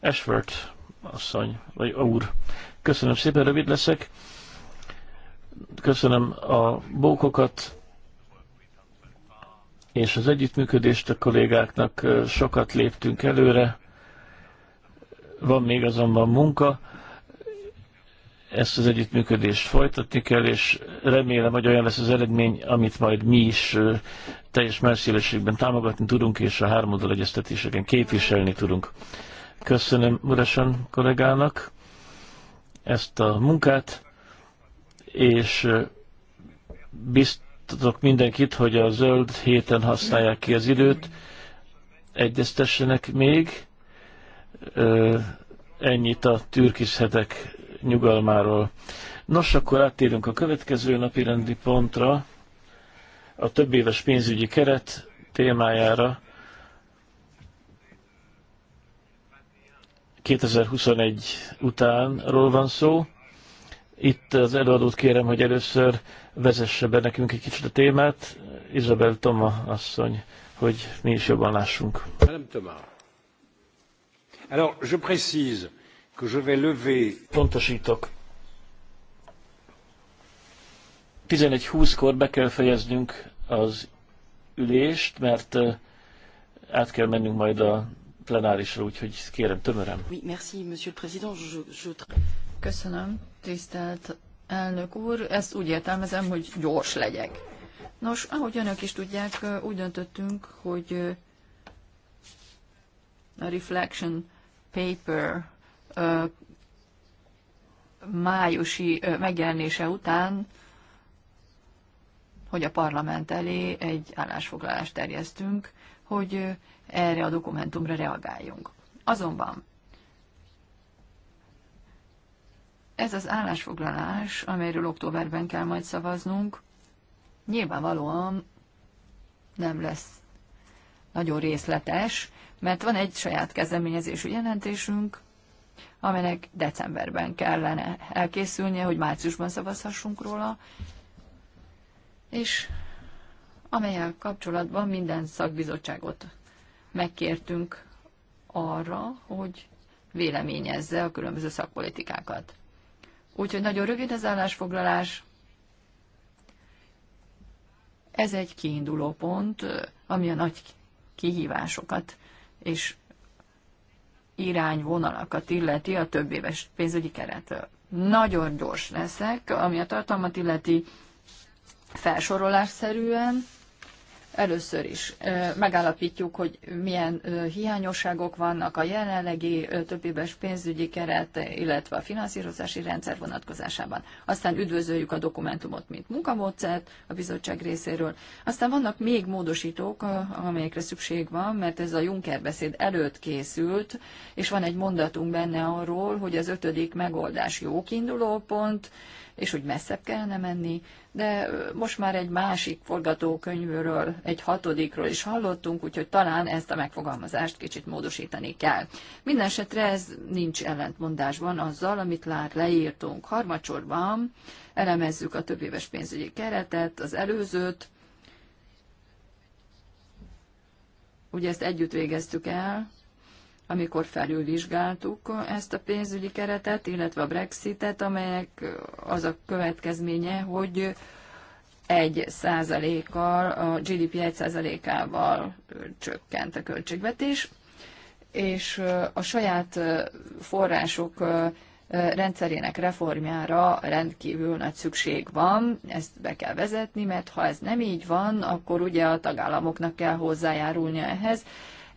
Ashford asszony, vagy úr. Köszönöm szépen, rövid leszek. Köszönöm a bókokat és az együttműködést a kollégáknak. Sokat léptünk előre. Van még azonban munka. Ezt az együttműködést folytatni kell, és remélem, hogy olyan lesz az eredmény, amit majd mi is teljes merszélességben támogatni tudunk, és a hármódal egyeztetéseken képviselni tudunk. Köszönöm Uresen kollégának ezt a munkát, és biztatok mindenkit, hogy a zöld héten használják ki az időt, egyeztessenek még. Ennyit a türkiszhetek nyugalmáról. Nos, akkor áttérünk a következő napi rendi pontra, a többéves pénzügyi keret témájára 2021 utánról van szó. Itt az előadót kérem, hogy először vezesse be nekünk egy kicsit a témát. Izabel Toma asszony, hogy mi is jobban lássunk. Madame Alors, je précise que je vais lever... Pontosítok. 11.20-kor be kell fejeznünk az ülést, mert át kell mennünk majd a plenárisra, úgyhogy kérem tömören. Köszönöm, tisztelt elnök úr. Ezt úgy értelmezem, hogy gyors legyek. Nos, ahogy önök is tudják, úgy döntöttünk, hogy a Reflection Paper májusi megjelenése után, hogy a parlament elé egy állásfoglalást terjesztünk, hogy erre a dokumentumra reagáljunk. Azonban ez az állásfoglalás, amelyről októberben kell majd szavaznunk, nyilvánvalóan nem lesz nagyon részletes, mert van egy saját kezdeményezésű jelentésünk, amelynek decemberben kellene elkészülnie, hogy márciusban szavazhassunk róla, és amelyel kapcsolatban minden szakbizottságot megkértünk arra, hogy véleményezze a különböző szakpolitikákat. Úgyhogy nagyon rövid az állásfoglalás. Ez egy kiinduló pont, ami a nagy kihívásokat és irányvonalakat illeti a több éves pénzügyi keretről. Nagyon gyors leszek, ami a tartalmat illeti felsorolásszerűen. Először is megállapítjuk, hogy milyen hiányosságok vannak a jelenlegi többéves pénzügyi keret, illetve a finanszírozási rendszer vonatkozásában. Aztán üdvözöljük a dokumentumot, mint munkamódszert a bizottság részéről. Aztán vannak még módosítók, amelyekre szükség van, mert ez a Juncker beszéd előtt készült, és van egy mondatunk benne arról, hogy az ötödik megoldás jó kiinduló pont, és hogy messzebb kellene menni, de most már egy másik forgatókönyvről, egy hatodikról is hallottunk, úgyhogy talán ezt a megfogalmazást kicsit módosítani kell. Mindenesetre ez nincs ellentmondásban azzal, amit lát leírtunk. Harmadsorban elemezzük a éves pénzügyi keretet, az előzőt, ugye ezt együtt végeztük el, amikor felülvizsgáltuk ezt a pénzügyi keretet, illetve a Brexitet, amelyek az a következménye, hogy egy százalékkal, a GDP egy százalékával csökkent a költségvetés, és a saját források rendszerének reformjára rendkívül nagy szükség van, ezt be kell vezetni, mert ha ez nem így van, akkor ugye a tagállamoknak kell hozzájárulnia ehhez,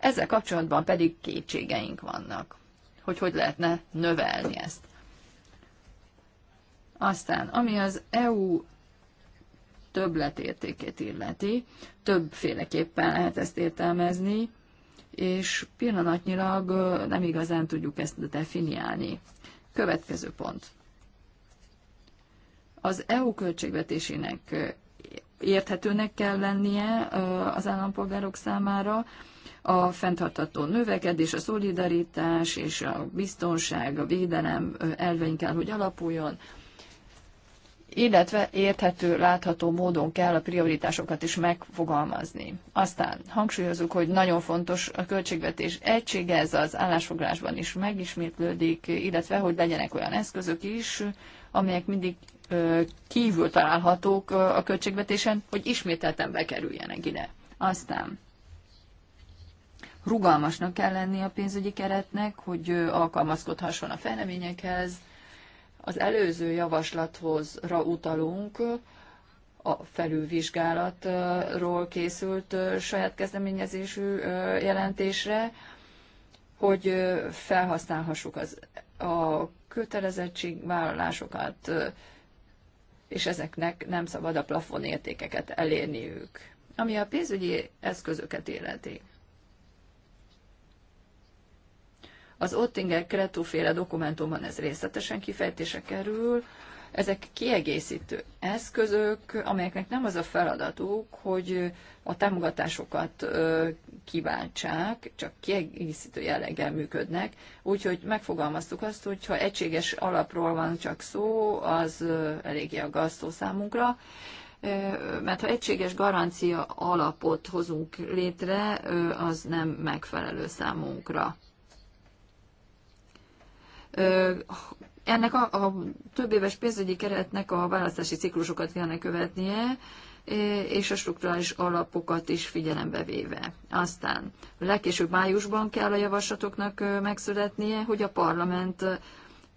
ezzel kapcsolatban pedig kétségeink vannak, hogy hogy lehetne növelni ezt. Aztán, ami az EU többletértékét illeti, többféleképpen lehet ezt értelmezni, és pillanatnyilag nem igazán tudjuk ezt definiálni. Következő pont. Az EU költségvetésének érthetőnek kell lennie az állampolgárok számára, a fenntartható növekedés, a szolidaritás és a biztonság, a védelem elvein kell, hogy alapuljon, illetve érthető, látható módon kell a prioritásokat is megfogalmazni. Aztán hangsúlyozunk, hogy nagyon fontos a költségvetés egysége, ez az állásfoglásban is megismétlődik, illetve hogy legyenek olyan eszközök is, amelyek mindig kívül találhatók a költségvetésen, hogy ismételten bekerüljenek ide. Aztán rugalmasnak kell lenni a pénzügyi keretnek, hogy alkalmazkodhasson a fejleményekhez. Az előző javaslathoz,ra utalunk, a felülvizsgálatról készült saját kezdeményezésű jelentésre, hogy felhasználhassuk az, a kötelezettségvállalásokat, és ezeknek nem szabad a plafonértékeket elérniük, ami a pénzügyi eszközöket illeti. Az Ottinger Kretó féle dokumentumban ez részletesen kifejtése kerül, ezek kiegészítő eszközök, amelyeknek nem az a feladatuk, hogy a támogatásokat kiváltsák, csak kiegészítő jelleggel működnek. Úgyhogy megfogalmaztuk azt, hogy ha egységes alapról van csak szó, az eléggé aggasztó számunkra, mert ha egységes garancia alapot hozunk létre, az nem megfelelő számunkra ennek a, a több éves pénzügyi keretnek a választási ciklusokat kellene követnie, és a strukturális alapokat is figyelembe véve. Aztán legkésőbb májusban kell a javaslatoknak megszületnie, hogy a parlament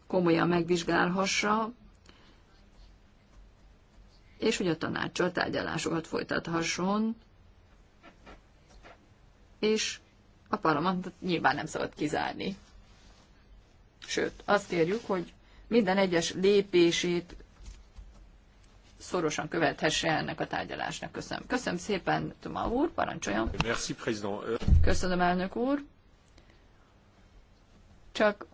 komolyan megvizsgálhassa, és hogy a tanácsa tárgyalásokat folytathasson, és a parlament nyilván nem szabad kizárni Sőt, azt kérjük, hogy minden egyes lépését szorosan követhesse ennek a tárgyalásnak. Köszönöm. Köszönöm szépen, Tuma úr, parancsoljon. Euh, Köszönöm, elnök úr. Csak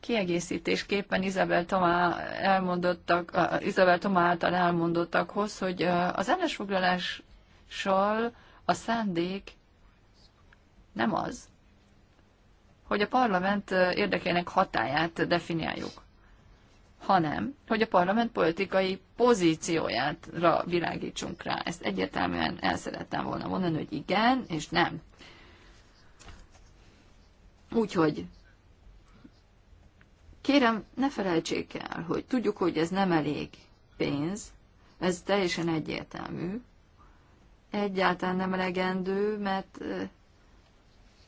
kiegészítésképpen Izabel Tomá, elmondottak, uh, Izabel Tomá által elmondottakhoz, hogy uh, az ellensfoglalással a szándék nem az, hogy a parlament érdekének hatáját definiáljuk, hanem, hogy a parlament politikai pozíciójára világítsunk rá. Ezt egyértelműen el szerettem volna mondani, hogy igen és nem. Úgyhogy kérem, ne felejtsék el, hogy tudjuk, hogy ez nem elég pénz, ez teljesen egyértelmű, egyáltalán nem elegendő, mert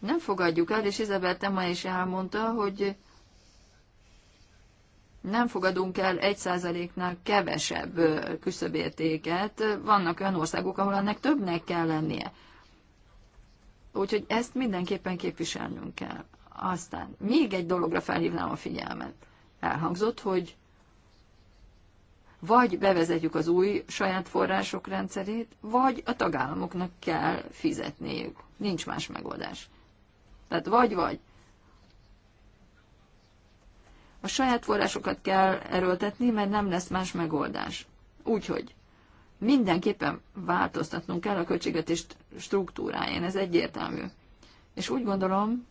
nem fogadjuk el, és Izabel ma is elmondta, hogy nem fogadunk el egy százaléknál kevesebb küszöbértéket. Vannak olyan országok, ahol ennek többnek kell lennie. Úgyhogy ezt mindenképpen képviselnünk kell. Aztán még egy dologra felhívnám a figyelmet. Elhangzott, hogy vagy bevezetjük az új saját források rendszerét, vagy a tagállamoknak kell fizetniük. Nincs más megoldás. Tehát vagy-vagy. A saját forrásokat kell erőltetni, mert nem lesz más megoldás. Úgyhogy mindenképpen változtatnunk kell a költségvetés struktúráján, ez egyértelmű. És úgy gondolom,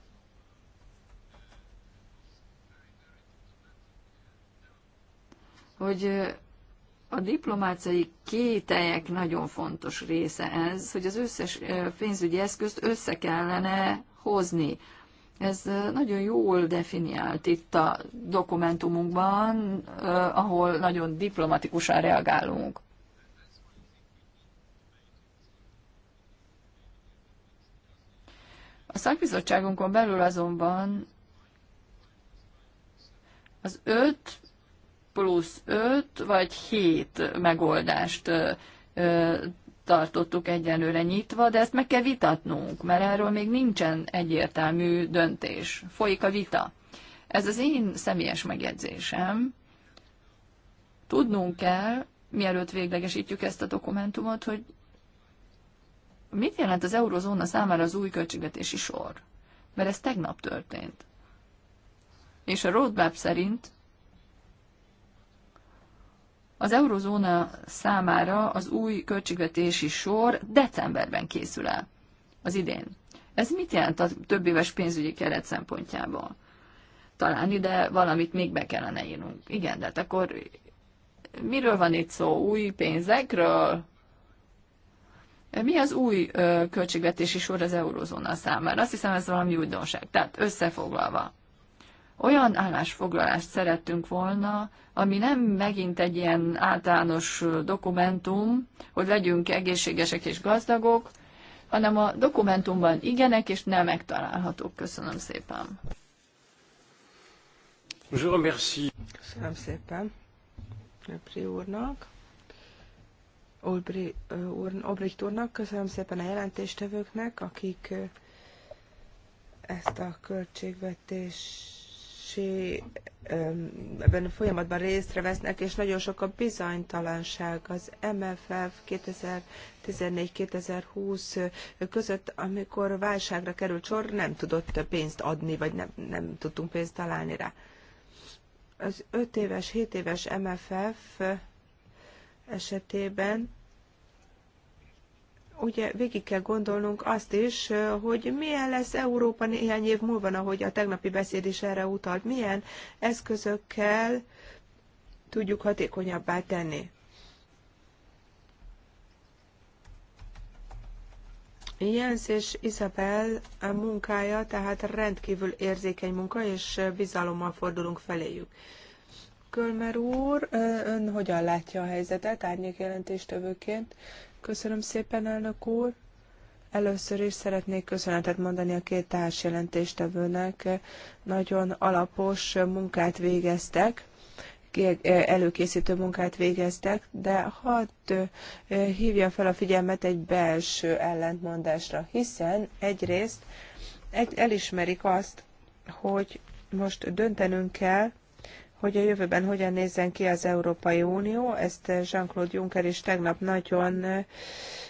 hogy a diplomáciai kételyek nagyon fontos része ez, hogy az összes pénzügyi eszközt össze kellene hozni. Ez nagyon jól definiált itt a dokumentumunkban, ahol nagyon diplomatikusan reagálunk. A szakbizottságunkon belül azonban az 5 plusz 5 vagy 7 megoldást tartottuk egyelőre nyitva, de ezt meg kell vitatnunk, mert erről még nincsen egyértelmű döntés. Folyik a vita. Ez az én személyes megjegyzésem. Tudnunk kell, mielőtt véglegesítjük ezt a dokumentumot, hogy mit jelent az eurozóna számára az új költségvetési sor. Mert ez tegnap történt. És a roadmap szerint az eurozóna számára az új költségvetési sor decemberben készül el, az idén. Ez mit jelent a több éves pénzügyi keret szempontjából? Talán ide valamit még be kellene írnunk. Igen, de hát akkor miről van itt szó? Új pénzekről? Mi az új ö, költségvetési sor az eurozóna számára? Azt hiszem, ez valami újdonság. Tehát összefoglalva olyan állásfoglalást szerettünk volna, ami nem megint egy ilyen általános dokumentum, hogy legyünk egészségesek és gazdagok, hanem a dokumentumban igenek és nem megtalálhatók. Köszönöm szépen. Köszönöm szépen Lepri úrnak, Olbri, úr, Obricht úrnak, köszönöm szépen a jelentéstevőknek, akik ezt a költségvetés költségvetési ebben a folyamatban részre vesznek, és nagyon sok a bizonytalanság az MFF 2014-2020 között, amikor válságra került sor, nem tudott pénzt adni, vagy nem, nem tudtunk pénzt találni rá. Az 5 éves, 7 éves MFF esetében ugye végig kell gondolnunk azt is, hogy milyen lesz Európa néhány év múlva, ahogy a tegnapi beszéd is erre utalt, milyen eszközökkel tudjuk hatékonyabbá tenni. Jens és Isabel munkája tehát rendkívül érzékeny munka, és bizalommal fordulunk feléjük. Kölmer úr, ön hogyan látja a helyzetet árnyékjelentéstövőként? Köszönöm szépen, elnök úr. Először is szeretnék köszönetet mondani a két társjelentéstevőnek. Nagyon alapos munkát végeztek, előkészítő munkát végeztek, de hadd hívja fel a figyelmet egy belső ellentmondásra, hiszen egyrészt elismerik azt, hogy most döntenünk kell, hogy a jövőben hogyan nézzen ki az Európai Unió. Ezt Jean-Claude Juncker is tegnap nagyon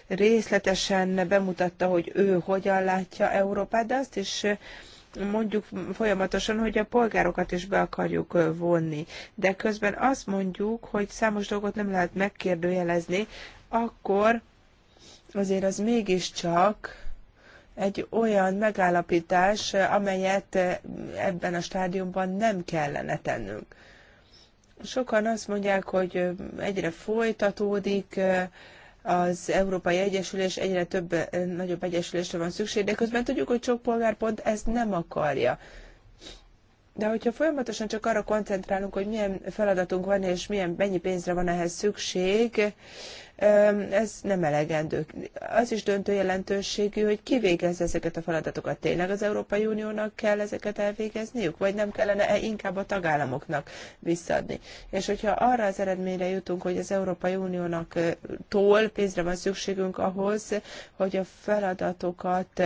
részletesen bemutatta, hogy ő hogyan látja Európát, de azt is mondjuk folyamatosan, hogy a polgárokat is be akarjuk vonni. De közben azt mondjuk, hogy számos dolgot nem lehet megkérdőjelezni, akkor azért az mégiscsak egy olyan megállapítás, amelyet ebben a stádiumban nem kellene tennünk. Sokan azt mondják, hogy egyre folytatódik az Európai Egyesülés, egyre több nagyobb egyesülésre van szükség, de közben tudjuk, hogy sok polgár pont ezt nem akarja. De hogyha folyamatosan csak arra koncentrálunk, hogy milyen feladatunk van, és milyen mennyi pénzre van ehhez szükség, ez nem elegendő. Az is döntő jelentőségű, hogy ki végez ezeket a feladatokat. Tényleg az Európai Uniónak kell ezeket elvégezniük, vagy nem kellene -e inkább a tagállamoknak visszadni. És hogyha arra az eredményre jutunk, hogy az Európai Uniónak tól pénzre van szükségünk ahhoz, hogy a feladatokat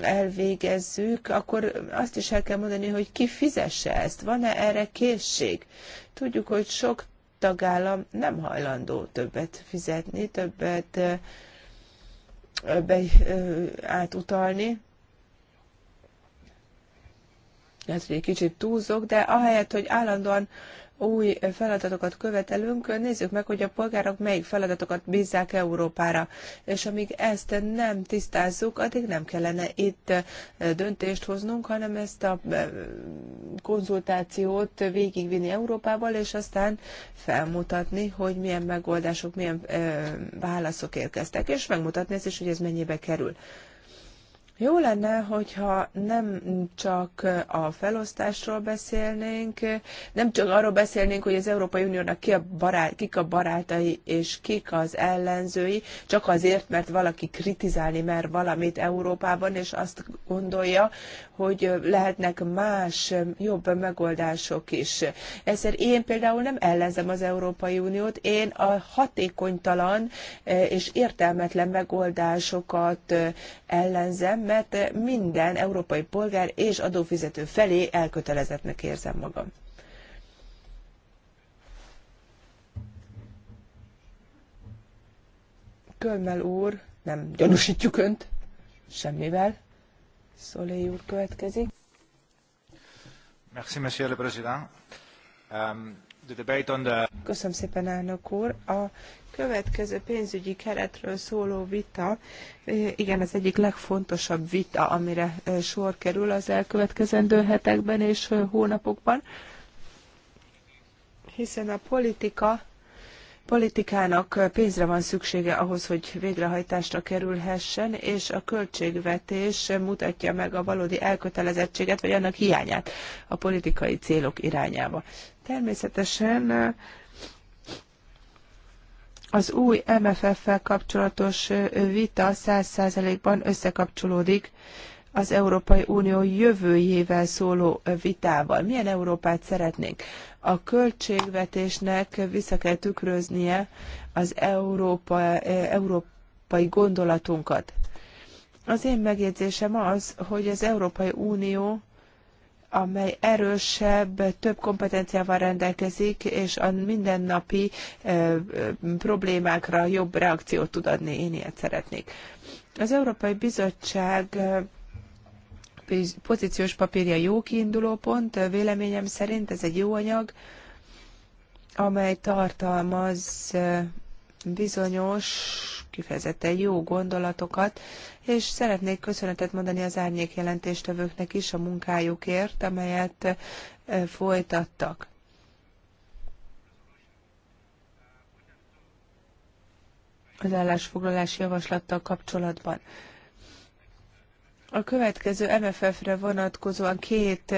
elvégezzük, akkor azt is el kell mondani, hogy ki fizesse ezt. Van-e erre készség? Tudjuk, hogy sok tagállam nem hajlandó többet fizetni, többet be, átutalni. Lehet, hogy egy kicsit túlzok, de ahelyett, hogy állandóan új feladatokat követelünk, nézzük meg, hogy a polgárok melyik feladatokat bízzák Európára. És amíg ezt nem tisztázzuk, addig nem kellene itt eh, döntést hoznunk, hanem ezt a eh, konzultációt végigvinni Európával, és aztán felmutatni, hogy milyen megoldások, milyen eh, válaszok érkeztek, és megmutatni ezt is, hogy ez mennyibe kerül. Jó lenne, hogyha nem csak a felosztásról beszélnénk, nem csak arról beszélnénk, hogy az Európai Uniónak ki a barát, kik a barátai és kik az ellenzői, csak azért, mert valaki kritizálni mer valamit Európában, és azt gondolja, hogy lehetnek más, jobb megoldások is. Ezért én például nem ellenzem az Európai Uniót, én a hatékonytalan e, és értelmetlen megoldásokat e, ellenzem, mert minden európai polgár és adófizető felé elkötelezettnek érzem magam. Kölmel úr, nem gyanúsítjuk önt semmivel. Szolé úr következik. Merci, monsieur le président. Um, the debate on the... Köszönöm szépen, elnök úr. A következő pénzügyi keretről szóló vita, e, igen, az egyik legfontosabb vita, amire e, sor kerül az elkövetkezendő hetekben és e, hónapokban, hiszen a politika politikának pénzre van szüksége ahhoz, hogy végrehajtásra kerülhessen, és a költségvetés mutatja meg a valódi elkötelezettséget, vagy annak hiányát a politikai célok irányába. Természetesen az új MFF-fel kapcsolatos vita 100%-ban összekapcsolódik az Európai Unió jövőjével szóló vitával. Milyen Európát szeretnénk? A költségvetésnek vissza kell tükröznie az Európa, európai gondolatunkat. Az én megjegyzésem az, hogy az Európai Unió amely erősebb, több kompetenciával rendelkezik, és a mindennapi problémákra jobb reakciót tud adni. Én ilyet szeretnék. Az Európai Bizottság pozíciós papírja jó kiinduló pont, véleményem szerint ez egy jó anyag, amely tartalmaz bizonyos, kifejezetten jó gondolatokat, és szeretnék köszönetet mondani az árnyék jelentéstevőknek is a munkájukért, amelyet folytattak. Az állásfoglalási javaslattal kapcsolatban. A következő MFF-re vonatkozóan két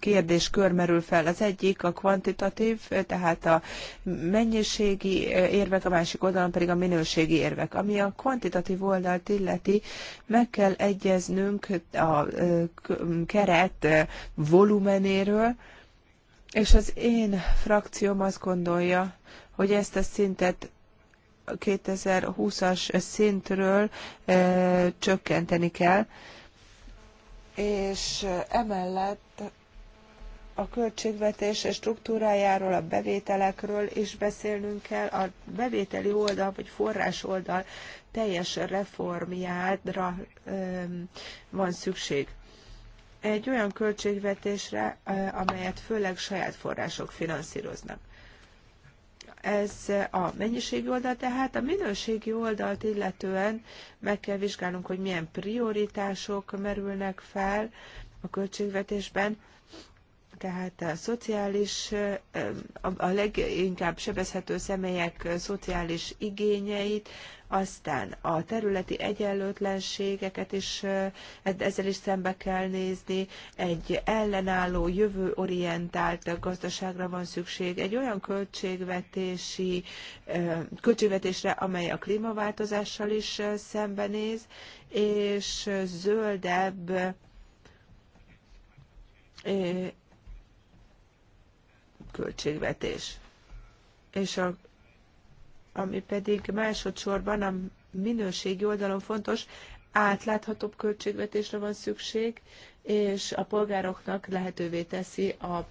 kérdéskör merül fel. Az egyik a kvantitatív, tehát a mennyiségi érvek, a másik oldalon pedig a minőségi érvek. Ami a kvantitatív oldalt illeti, meg kell egyeznünk a keret volumenéről, és az én frakcióm azt gondolja, hogy ezt a szintet 2020-as szintről eh, csökkenteni kell, és eh, emellett a költségvetés struktúrájáról, a bevételekről is beszélnünk kell, a bevételi oldal vagy forrás oldal teljes reformjára van szükség. Egy olyan költségvetésre, eh, amelyet főleg saját források finanszíroznak. Ez a mennyiségi oldal, tehát a minőségi oldalt illetően meg kell vizsgálnunk, hogy milyen prioritások merülnek fel a költségvetésben, tehát a szociális, a leginkább sebezhető személyek szociális igényeit, aztán a területi egyenlőtlenségeket is, ezzel is szembe kell nézni. Egy ellenálló, jövőorientált gazdaságra van szükség, egy olyan költségvetési, költségvetésre, amely a klímaváltozással is szembenéz, és zöldebb költségvetés. És a ami pedig másodszorban a minőségi oldalon fontos, átláthatóbb költségvetésre van szükség, és a polgároknak lehetővé teszi a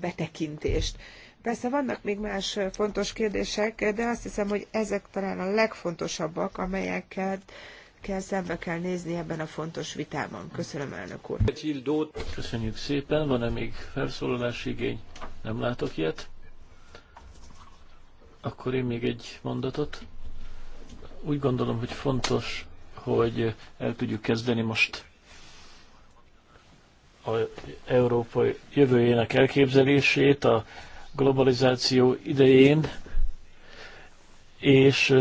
betekintést. Persze vannak még más fontos kérdések, de azt hiszem, hogy ezek talán a legfontosabbak, amelyeket kell szembe kell nézni ebben a fontos vitában. Köszönöm, elnök úr. Köszönjük szépen. Van-e még felszólalási igény? Nem látok ilyet. Akkor én még egy mondatot. Úgy gondolom, hogy fontos, hogy el tudjuk kezdeni most a európai jövőjének elképzelését a globalizáció idején, és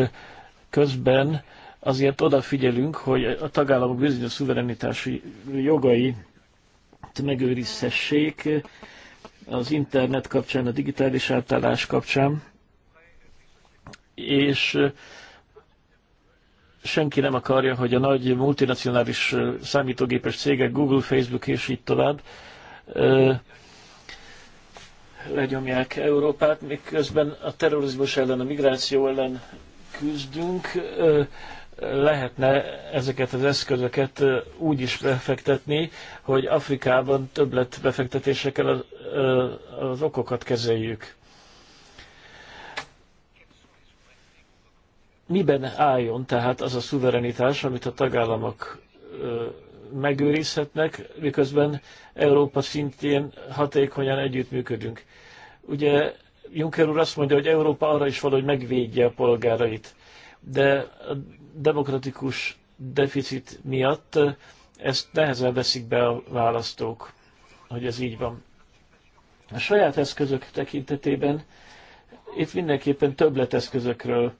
közben azért odafigyelünk, hogy a tagállamok bizonyos szuverenitási jogai megőrizhessék az internet kapcsán, a digitális átállás kapcsán és senki nem akarja, hogy a nagy multinacionális számítógépes cégek, Google, Facebook és így tovább legyomják Európát, miközben a terrorizmus ellen, a migráció ellen küzdünk, lehetne ezeket az eszközöket úgy is befektetni, hogy Afrikában többlet befektetésekkel az, az okokat kezeljük. miben álljon tehát az a szuverenitás, amit a tagállamok megőrizhetnek, miközben Európa szintjén hatékonyan együttműködünk. Ugye Juncker úr azt mondja, hogy Európa arra is valahogy megvédje a polgárait, de a demokratikus deficit miatt ezt nehezen veszik be a választók, hogy ez így van. A saját eszközök tekintetében itt mindenképpen többleteszközökről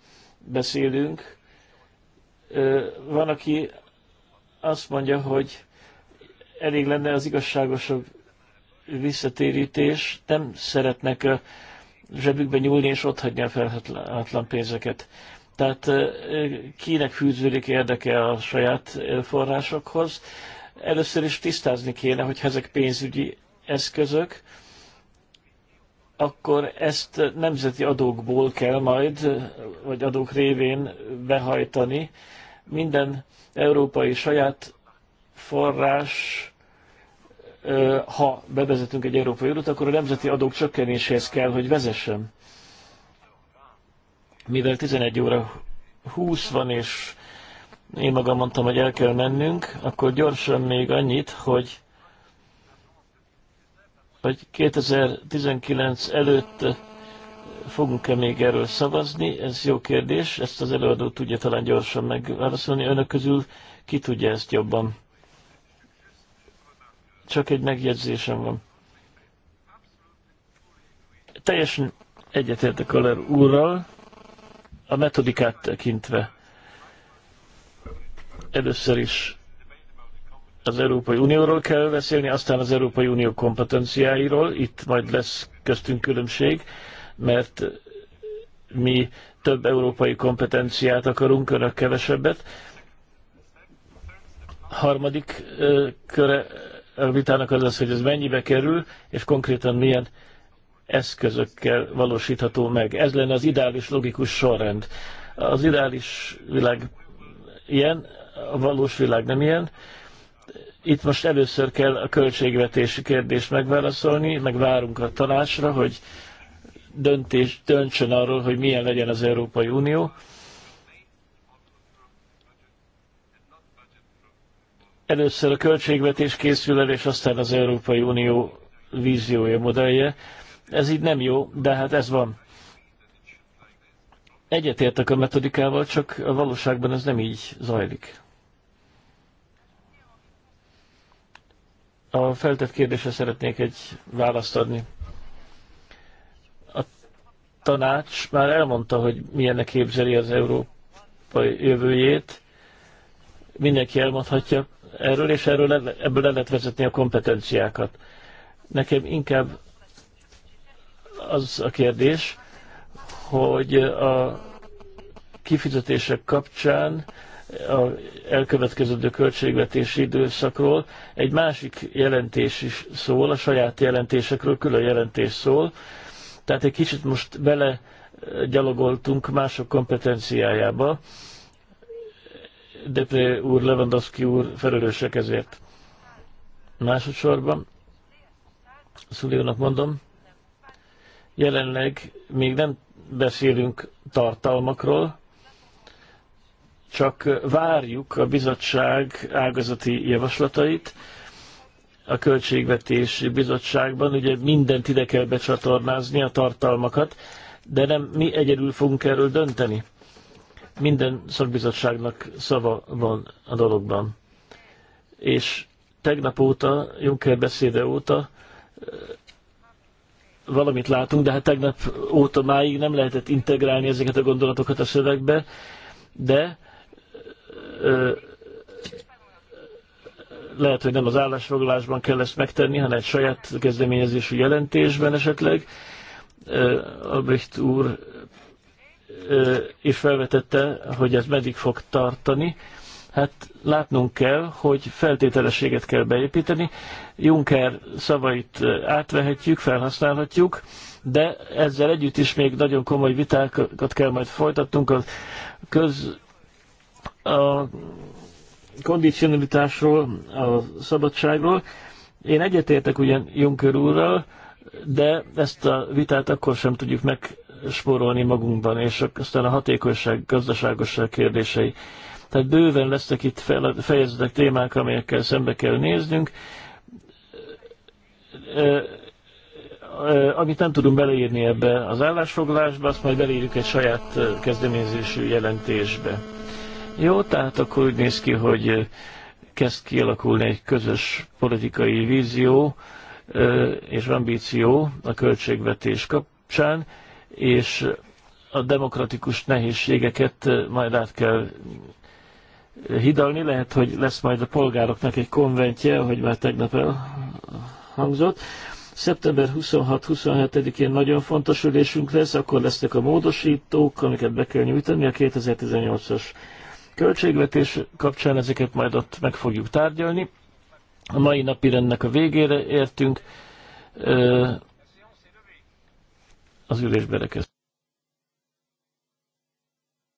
beszélünk. Van, aki azt mondja, hogy elég lenne az igazságosabb visszatérítés, nem szeretnek a zsebükbe nyúlni és ott hagyni a felhátlan pénzeket. Tehát kinek fűződik érdeke a saját forrásokhoz. Először is tisztázni kéne, hogy ezek pénzügyi eszközök, akkor ezt nemzeti adókból kell majd, vagy adók révén behajtani. Minden európai saját forrás ha bevezetünk egy európai adót, akkor a nemzeti adók csökkenéséhez kell, hogy vezessen. Mivel 11 óra 20 van, és én magam mondtam, hogy el kell mennünk, akkor gyorsan még annyit, hogy vagy 2019 előtt fogunk-e még erről szavazni? Ez jó kérdés, ezt az előadó tudja talán gyorsan megválaszolni. Önök közül ki tudja ezt jobban? Csak egy megjegyzésem van. Teljesen egyetértek a úrral, a metodikát tekintve. Először is az Európai Unióról kell beszélni, aztán az Európai Unió kompetenciáiról, itt majd lesz köztünk különbség, mert mi több európai kompetenciát akarunk, önök kevesebbet. Harmadik ö, köre a vitának az az, hogy ez mennyibe kerül, és konkrétan milyen eszközökkel valósítható meg. Ez lenne az ideális logikus sorrend. Az ideális világ ilyen, a valós világ nem ilyen. Ö, itt most először kell a költségvetési kérdést megválaszolni, meg várunk a tanácsra, hogy döntés, döntsön arról, hogy milyen legyen az Európai Unió. Először a költségvetés készül el, és aztán az Európai Unió víziója, modellje. Ez így nem jó, de hát ez van. Egyetértek a metodikával, csak a valóságban ez nem így zajlik. A feltett kérdésre szeretnék egy választ adni. A tanács már elmondta, hogy milyennek képzeli az európai jövőjét. Mindenki elmondhatja erről, és erről ebből le lehet vezetni a kompetenciákat. Nekem inkább az a kérdés, hogy a kifizetések kapcsán a elkövetkező költségvetési időszakról. Egy másik jelentés is szól, a saját jelentésekről külön jelentés szól. Tehát egy kicsit most bele eh, gyalogoltunk mások kompetenciájába. Depré úr, Lewandowski úr felelősek ezért. Másodszorban, Szuliónak mondom, jelenleg még nem beszélünk tartalmakról, csak várjuk a bizottság ágazati javaslatait a Költségvetési Bizottságban. Ugye mindent ide kell becsatornázni, a tartalmakat, de nem mi egyedül fogunk erről dönteni. Minden szakbizottságnak szava van a dologban. És tegnap óta, Juncker beszéde óta valamit látunk, de hát tegnap óta máig nem lehetett integrálni ezeket a gondolatokat a szövegbe, de lehet, hogy nem az állásfoglalásban kell ezt megtenni, hanem egy saját kezdeményezésű jelentésben esetleg. Albrecht úr is felvetette, hogy ez meddig fog tartani. Hát látnunk kell, hogy feltételességet kell beépíteni. Juncker szavait átvehetjük, felhasználhatjuk, de ezzel együtt is még nagyon komoly vitákat kell majd folytatnunk a köz a kondicionalitásról, a szabadságról. Én egyetértek ugyan Juncker úrral, de ezt a vitát akkor sem tudjuk megspórolni magunkban, és aztán a hatékonyság, gazdaságosság kérdései. Tehát bőven lesznek itt fejezetek, témák, amelyekkel szembe kell néznünk, amit nem tudunk beleírni ebbe az állásfoglalásba, azt majd beleírjuk egy saját kezdeményezésű jelentésbe. Jó, tehát akkor úgy néz ki, hogy kezd kialakulni egy közös politikai vízió és ambíció a költségvetés kapcsán, és a demokratikus nehézségeket majd át kell hidalni. Lehet, hogy lesz majd a polgároknak egy konventje, ahogy már tegnap elhangzott. Szeptember 26-27-én nagyon fontos ülésünk lesz, akkor lesznek a módosítók, amiket be kell nyújtani a 2018-as költségvetés kapcsán ezeket majd ott meg fogjuk tárgyalni. A mai napi rendnek a végére értünk. Az ülés berekezt.